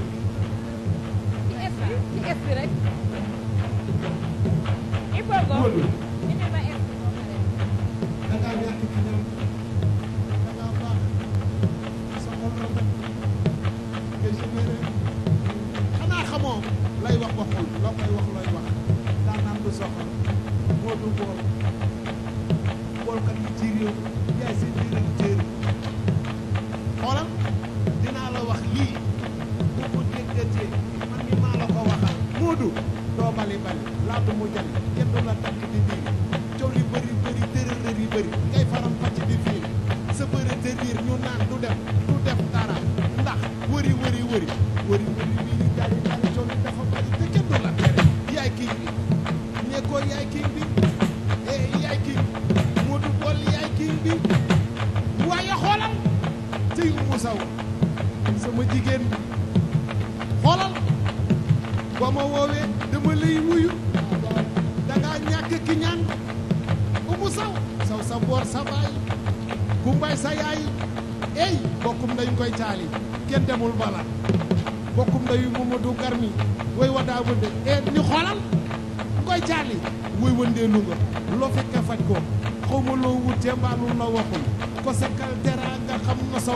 ci es bi ci es bi rek i bogo ine lay wax waxul la wax looy wax daa naan du moo du boobu maa ko mu jàng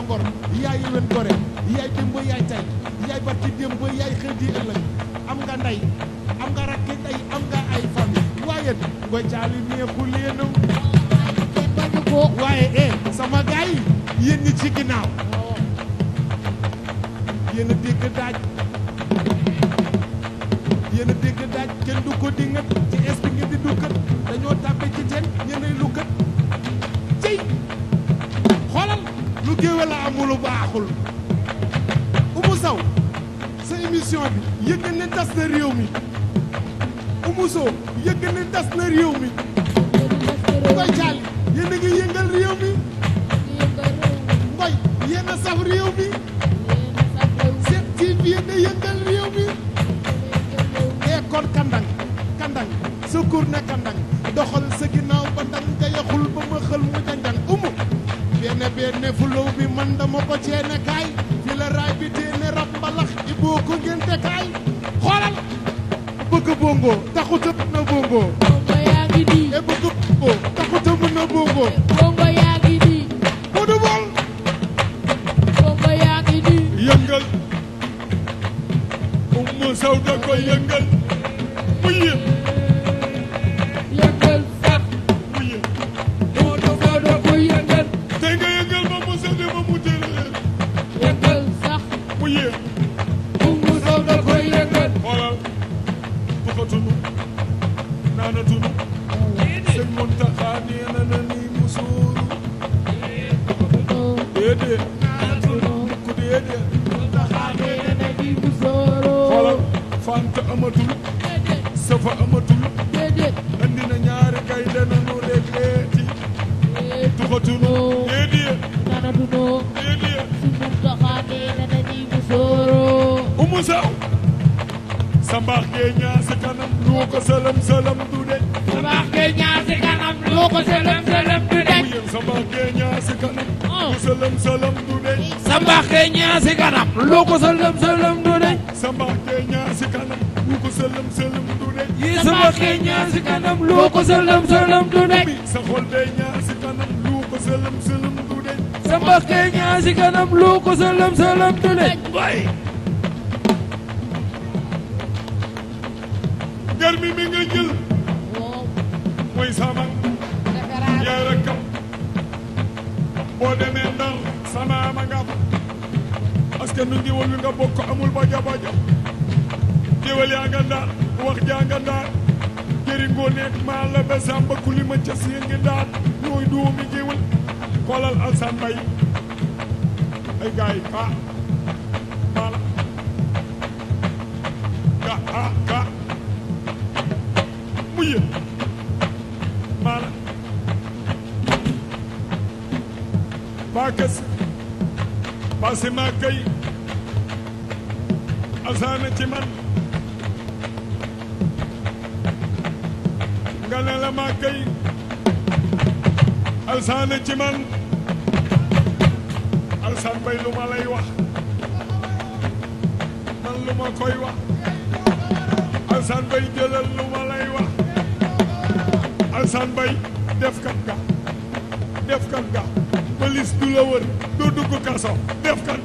waa Ngor yaay yëwen gore yaay démb yaay tay yaay barki démb yaay xëy di ëllëg am nga ndey am nga rakk ay am nga ay famille waaye Ngoy Caali neexu leen waaye eh sama gaay yi ci ginnaaw yéen a dégg daaj yéen dégg daaj kenn du ko dingat ci es bi ngeen di dukkat dañoo tàppe ci teen ñeneen lukkat géwél a amulu baaxul Oumou Sow sa émission bi yëg ne tas na réew mi Oumou Sow yëg ne tas na réew mi Mbaye Thial yëngal réew mi Mbaye yéen saf réew mi Sen TV yéen a yëngal réew mi ee eh, kon kandang kandang secours ne kandang ngeen ne fulow bi man dama ko ceene kaay bi téene rab mbalax i boo ko ngénte xoolal bëgg bongo taxuta mën na bongo bongo yaa ngi di e bëgg bongo taxuta bongo bongo yaa ngi di budu bol bongo ko yëngal mu yëpp sa mbaax kay si kanam lu ko sëlëm sëlëm du deñ sa mbaax kay si kanam lu ko sëlëm sëlëm du deñ sa mbaax kay si kanam lu ko sëlëm sëlëm du deñ sa xol day si kanam lu ko sëlëm sëlëm du deñ sa mbaax mi mi nga jël mooy sama yaay rakkam boo demee ndax sama ma nga parce que nu nga bokk amul baja baja ngéwél yaa nga ndaar wax jaa nga ndaar jëringoo nekk maa la besam ba ma ca sii ngi ndaar ñooy doomi ngéwél xoolal alsan bay ay gaay ka maala ka ka ka mu yë maala baa kës passé ma ci man nga ne la ma gay alsaan ci man alsaan bay lu ma lay man lu ma koy wax alsaan bay jëlal lu ma lay alsaan bay def kat ga def kat ga police du la du dugg kaso def kan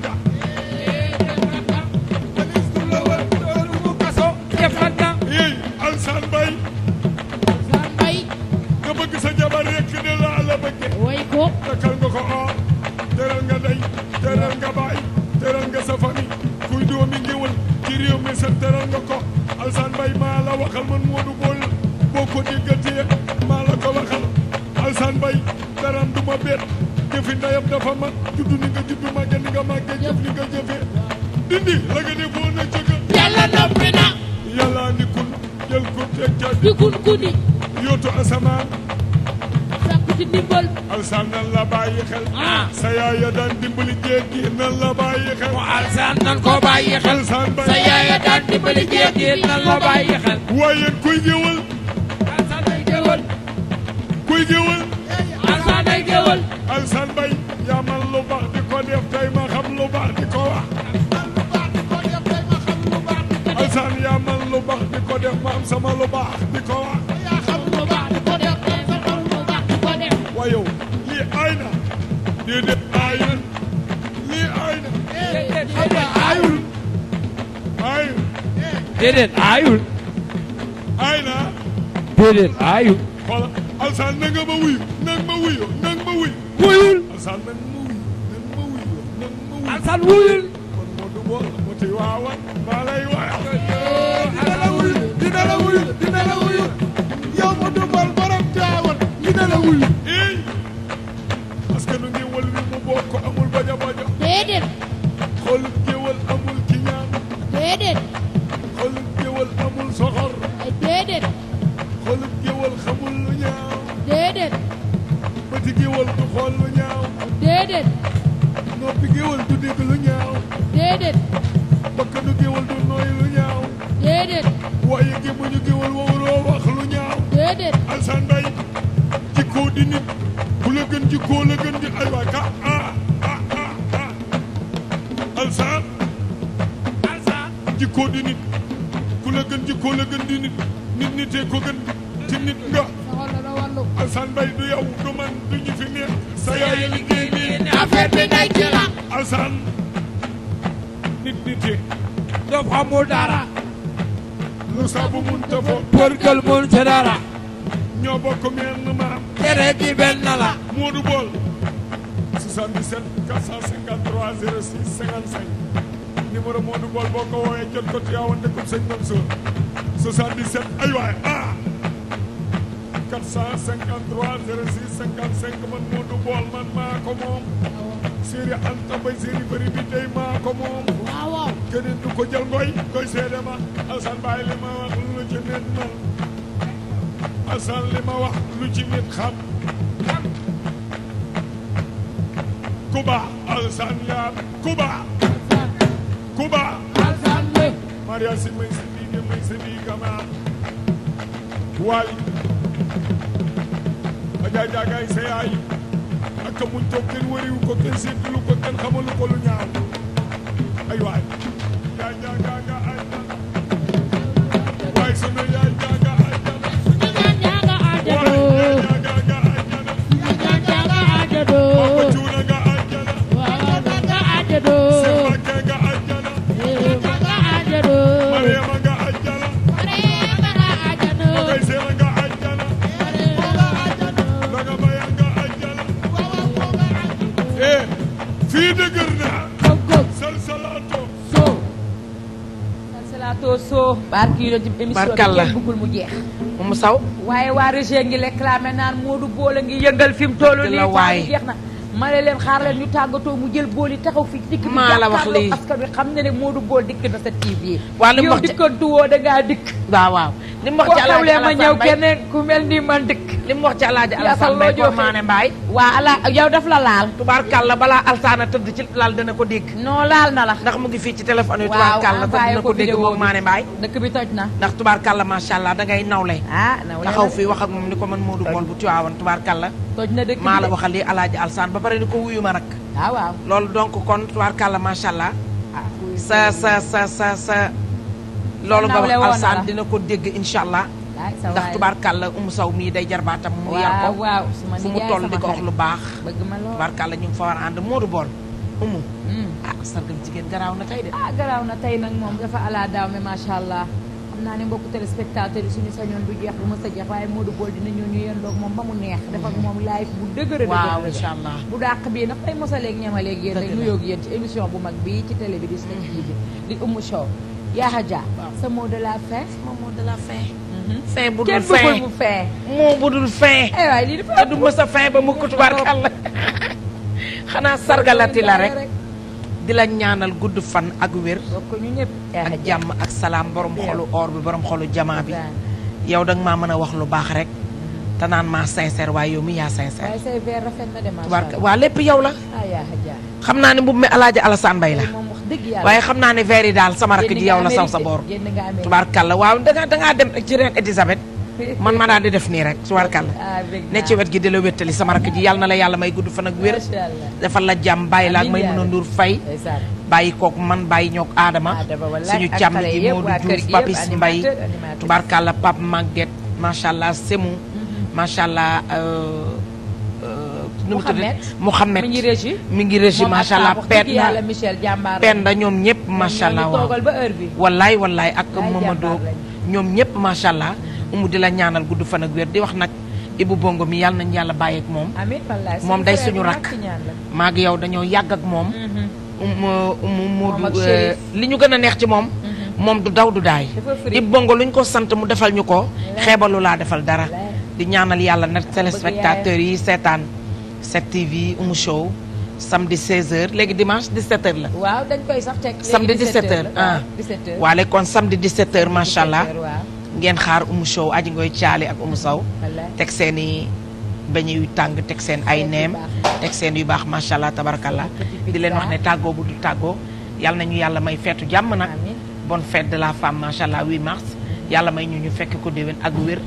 sa yaay ya daan dimbali jéeg yi nan la bàyyi xel. mu alsaan nan ko bàyyi xel. sa yaay ya daan dimbali jéeg yi nan la bàyyi xel. waaye yéen kuy géwal. alsaan bay géwal. kuy géwal. alsaan bay géwal. alsaan bay yaa man lu baax di ko def tey ma xam lu baax di ko wax. alsaan yaa man lu baax di ko def ma am sama lu baax di ko wax. yaa xam lu baax di ko def tey ma xam lu baax di ko def. waaye yow. déedéet aayul lii aay na. xam nga aayul. aayul. déedéet aayul. aay na. déedéet aayul. xoolal alsaan na nga ma wuyu na nga ma wuyu na nga ma wuyu. wuyul alsaan na nga ma wuyu na nga ma wuyu na nga ma wuyu. alsaan wuyul. kon moo du bool moo ti waawa maa lay waayal. dina la wuyu dina la wuyu dina la wuyu yow moo du bool borom jaawan dina la wuyu. boo amul bañ a bañ a. déedéet. xolub amul ki ñaan. déedéet. xolub amul soxor. déedéet. xolub géwal xamul lu ñaaw. déedéet. bëti géwal du xool lu ñaaw. déedéet. noppi géwal du dégg lu ñaaw. déedéet. bakkanu géwal du nooy lu ñaaw. déedéet. waaye gémmuñu géwal wawuroo wax lu ñaaw. déedéet. alsan bay jikkoo di nit. bu gën jikkoo la di ay waa jikkoo di nit ku gën jikkoo la gën di nit nit nitee ko gën te nit nga Alsaan Mbaye du yow man du ñu fi nekk sa yaay liggéey nii ne affaire bi day ci la Alsaan nit nitee dafa amul dara lu saabu mun tafoo përgël mun ci dara ñoo bokk meen maam tere gi benn la Moodu Bool 77 453 06 55 numéro Modou Mbol boo ko woowee jot ko Tivaouane dëkkum sëñ Mansour 77 ay waay ah 453 06 55 man Modou Mbol man maa ko moom Sëri Anta Mbay Sëri bëri bi tey ko moom waaw du ko jël ngoy ngoy seede ma Assane bàyyi li ma wax lu ci nit man li ma wax lu ci nit xam ku baax Assane Cuba. Alzande. Maria si may si diine may si di gama. waay. Adja Jagaay sa yaay. ak a muñ toog kenn wariwu ko kenn seetlu ko kenn xamalu ko lu ñaaw. ay waay. Adja kii la ci émission bi kenn bëggul mu jeex. mu saw. waaye waa Régé ngi réclamé naan Modou boole ngi yëngal fi mu toll nii waaye jeex na. ma ne leen xaar leen tàggatoo mu jël bool yi taxaw fi. dikk bi jàkkaarloo askan wi xam ne ne Modou Bool dikk na sa TV. waaw li mu wax yow dikkantu woo da dikk. waaw waaw. li mu wax ci alaaji ma ñëw keneen ku mel ni man dëkk li mu wax ci alaaji Alassane Mbaye ko maane Mbaye waa ala yow daf la laal tubaarkàlla balaa alsaana tëdd ko dégg non laal na la ndax mu ngi fii ci téléphone yi tubaarkàlla te dina ko dégg moom na ndax tubaarkàlla macha allah da ngay nawle ah, taxaw fii wax ak moom ni ko man Modou Mbool bu Tiwaawan tubaarkàlla toj na dëkk maa la waxal lii alaaji Alassane ba pare ni ko wuyu ma nag ah, waaw loolu donc kon tubaarkàlla macha allah sa sa sa sa sa loolu nga wax alsaan dina ko dégg incha allah ndax tubaarkàlla umu saw mii day jarbaatam mu yar ko fu mu toll di ko wax lu baax tubaarkàlla ñu ngi fa war a ànd moodu bool umu hmm. ah sargal jigéen garaaw na tey de ah garaaw na tey nag moom dafa alaa daaw me macha allah naa ne mbokku téléspectateurs yi suñu sañoon du jeex du ma sa jeex waaye Modou Boll dina ñëw ñu yendoog moom ba mu neex hmm. def moom live bu dëgër a waaw incha allah bu dàq bii nag ay mosaleeg ñamaleeg yéen rek nuyoo ak ci émission bu mag bi ci télé hmm. bi di seen ji yaa Hadja sa mot mhm. fin. bu dul fin kenn bu dul fin. Eh aywa lii fin ba mu kutubaarkàlla. xanaa sargalati la rek. di la ñaanal gudd fan ak wér. ak jàmm ak salaam borom xolu or bi borom xolu jamaa bi. yow danga ma mën a wax lu baax rek. Mm-hmm. te naan maa sincère waaye yow mi yaa sincère. waaye lépp yow la. Ah, xam naa ne mbubb mi Alaaji Alassane Mbaye la. waaye xam naa ne verre yi daal sama rakk ji yow la saw sa boor la waaw dangaa dangaa dem rek ci reen Elisabeth man ma daal di def nii rek tubaarkàlla ah, ne ci wet gi di la wéttali sama rakk ji yàlla na la yàlla may gudd fan ak wér dafa la jàmm bàyyi laak may mën a nduur fay bàyyi kook man bàyyi ñook aadama ah, suñu càmm ji Moodu Diouf Papis Mbay tubaarkàlla Pape Maguette macha allah Semou macha mm-hmm. allah euh, nu mu tuddee Mouhamed mi ngi régi mi ngi régi macha allah Penda ñoom ñëpp macha allah waaw wallaay wallaay ak Mamadou ñoom ñëpp macha allah umu di la ñaanal gudd fan ak wér di wax nag Ibou Bongo mi yàlla nañ yàlla bàyyi ak moom moom day suñu rakk maa ngi yow dañoo yàgg ak moom mm-hmm. umu Modou euh, li ñu gën a neex ci moom mm-hmm. moom du daw du daay Ibou Bongo lu ñu ko sant mu defal ñu ko xeebalu laa defal dara di ñaanal yàlla nag téléspectateurs yi seetaan 7TV Oumou Show samedi 16h léegi dimanche 17h la. waaw dañ koy sax teg samedi 17h ah 17h ah. waaw kon samedi 17h macha allah ngeen xaar Oumou Show aji ngoy caali ak Oumou saw teg seen i bañ yu tàng teg seen ay neem teg seen yu baax macha allah tabarakallah di leen wax ne ah. tàggoo bu dul tàggoo yàlla nañu yàlla may feetu jàmm nag. bonne fête de la femme macha allah 8 mars. yàlla may ñu ñu fekk ko déwén ak wér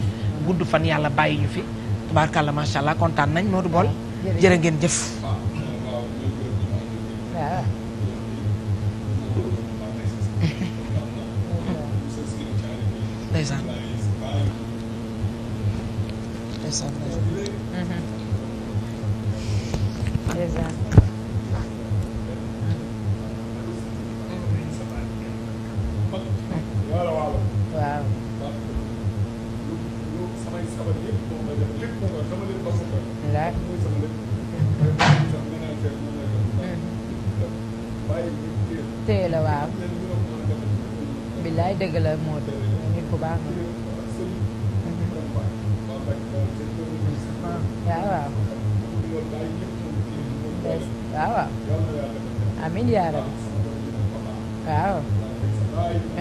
gudd fan yàlla bàyyi ñu fi. tabarkalla macha allah kontaan nañ Modou Bol. jërë ngeen jëf ndeysaan ndeysaan ndeysaan mhm. dëgg la Modou nit ku baax la. Mm-hmm. Ah, waaw ah, waaw. waaw yaa rabbi waaw.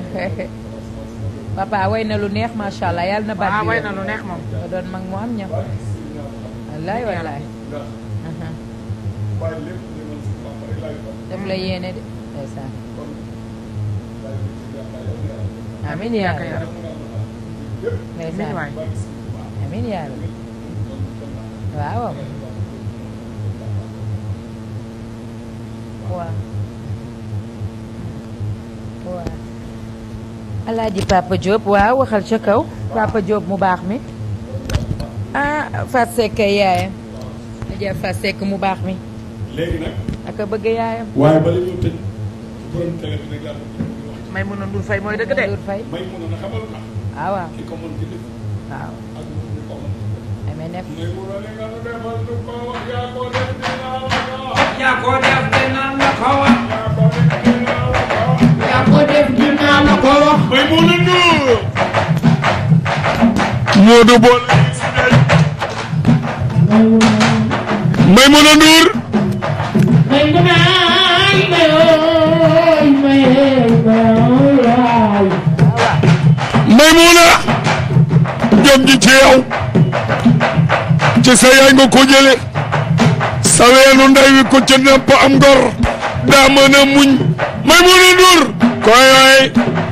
papa way na lu neex macha allah yàlla na. baat ah, bi way na lu neex moom. nga doon mag mu am ñam. wallaay wallaay. daf la yéene de. ndeysaan. amiin yaa ko yor ndeysaan amiin yaa la waaw waaw waaw alaaji Papa Diop waaw waxal ca kaw Papa Diop mu baax mi ah Fatou Seck yaayam Adja Fatou Seck mu baax mi léegi nag ak bëgg yaayam Maimouna Ndour Faye mooy dëgg de. Ndour Faye Maimouna na xamal na. ah waaw ki ko mën ci def. waaw ak lu ko mën. MNF. Maimouna li nga nu defal du ko wax yaa ko def dinaa la ko wax. yaa ko def dinaa la ko wax. yaa ko def dinaa la ko wax. Maimouna Ndour. Modou boole yi si nekk. Maimouna Ndour. Maimouna ay Mayo. Maymuna jom ji ci yow ci sa yaay nga ko sa weenu ndey wi ko ci napp am ngor daa mën a muñ Maymuna Ndour koyoy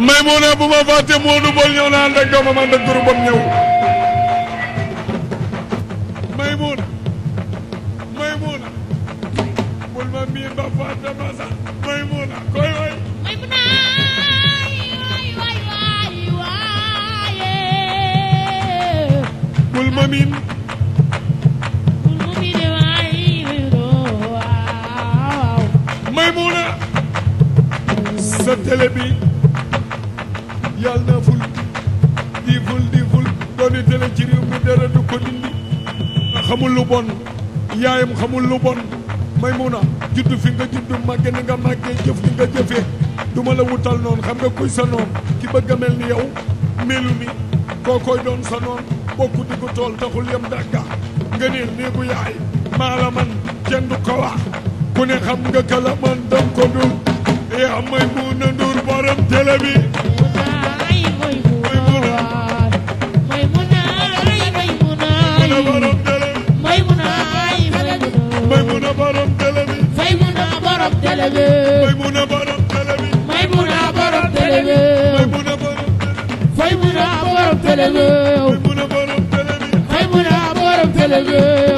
may moo naa bu ma fàtte Modou Bol ñëw naa ànd ak doomam ànd ak turu bon ñëw may moo na may moo na bul ma mii ba fàtte ma sax may moo na koy way bul ma miin may moo na sa télé bi yàlla na ful di ful di ful doone ci réew mi dara du ko dindi xamul lu bon yaayam xamul lu bon Maymuna juddu fi nga juddu màgge ni nga màggee jëf ni nga jëfee duma la wutal noonu xam nga kuy sa noon ki bëgg a mel ni yow melu ni koo koy doon sa noon bokku di ko tool taxul yem dàgga nga niil yaay maa la man kenn du ko wax ku ne xam nga kala man dam ko dul yaa Maymuna Ndour borom télé bi télé bi Maymuna borom télé bi Maymuna borom télé bi Maymuna borom Maymuna borom télé bi Maymuna borom télé bi Maymuna borom télé bi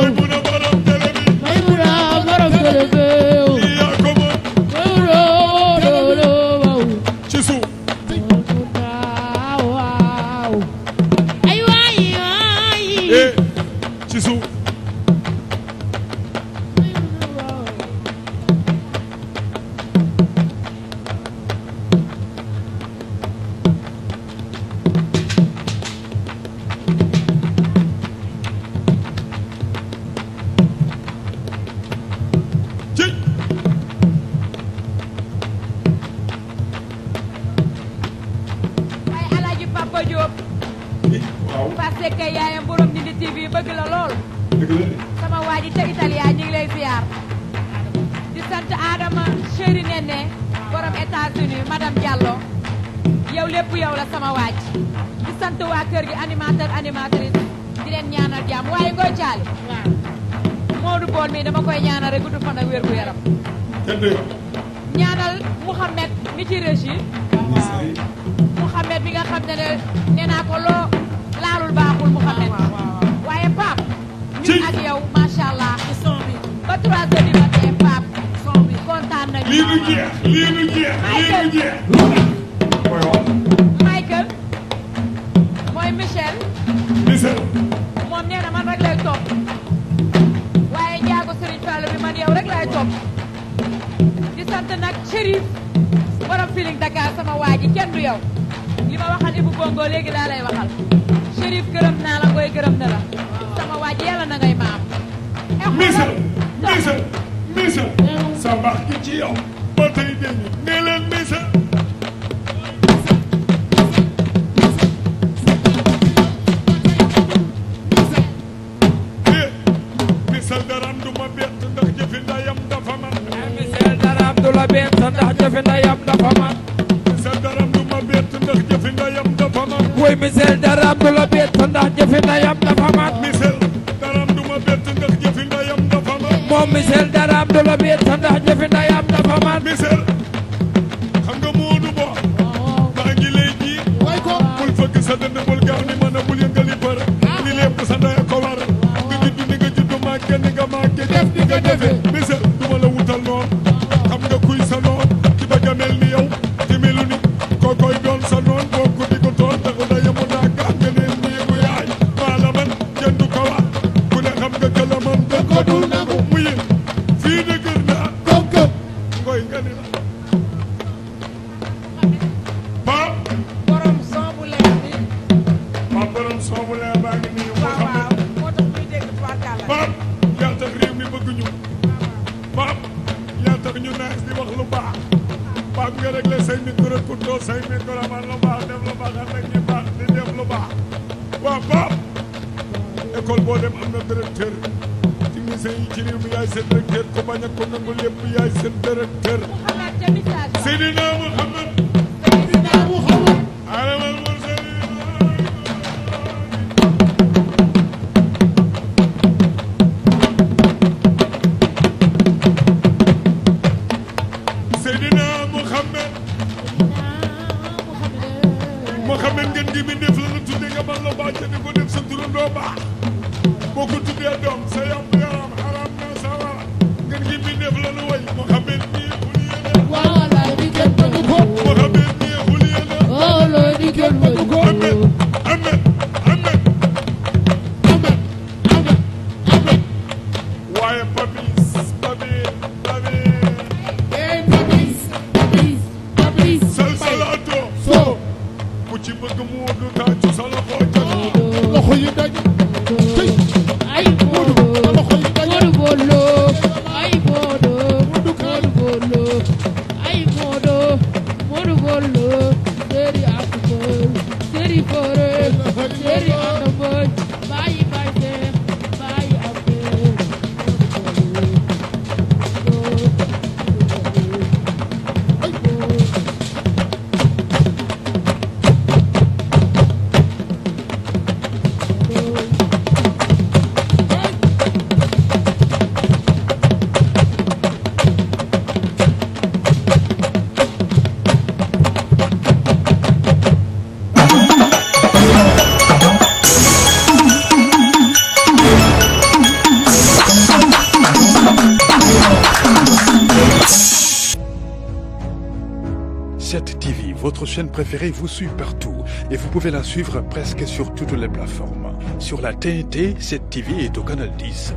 sant Adama chéri Nene borom États-Unis madame Diallo yow lépp yow la sama waaj di sant waa kër gi animateur animatrice di ñaanal jàmm waaye ngoo caali Modou Bool mii dama koy ñaanal rek fan ak wér gu yaram ñaanal Mouhamed mi ci régie Mouhamed mi nga xam ne naa ko loo laalul baaxul Mouhamed waaye Pape ñun ak yow lii du jeex lii du jeex lii du jeex Michel moom nee na man rek lay topp waaye njaago Serigne Fall bi man yow rek lay topp di nag Chérif borom Feeling Dakar sama waa ji kenn du li ma waxal Ibou Bongo léegi laa lay waxal Chérif gërëm naa la ngoy gërëm na la sama waa ji yàlla na maam eh, Michel Michel miisa sa mbaax gi ci yow ba tey dañu nee leen miisa misal daraam du ma bett ndax jëfi ndayam dafa man misal daraam du la bett ndax jëfi ndayam dafa man misal daraam du ma bett ndax jëfi ndayam dafa man woy misal daraam du la bett ndax jëfi ndayam Pape yaa tax ñu naan di wax lu baax Pape nga réglé say micro kuddoo say micro man lu baax def lu baax ànd ak baax di def lu baax waaw Pape école boo dem am na directeur ci lycée yi ci réew mi yaay seen directeur ku bañ a ko nangul yëpp yaay seen directeur Seydina Mouhamad Seydina Mouhamad chaîne préférée vous suit partout et vous pouvez la suivre presque sur toutes les plateformes. Sur la TNT, cette TV est au canal 10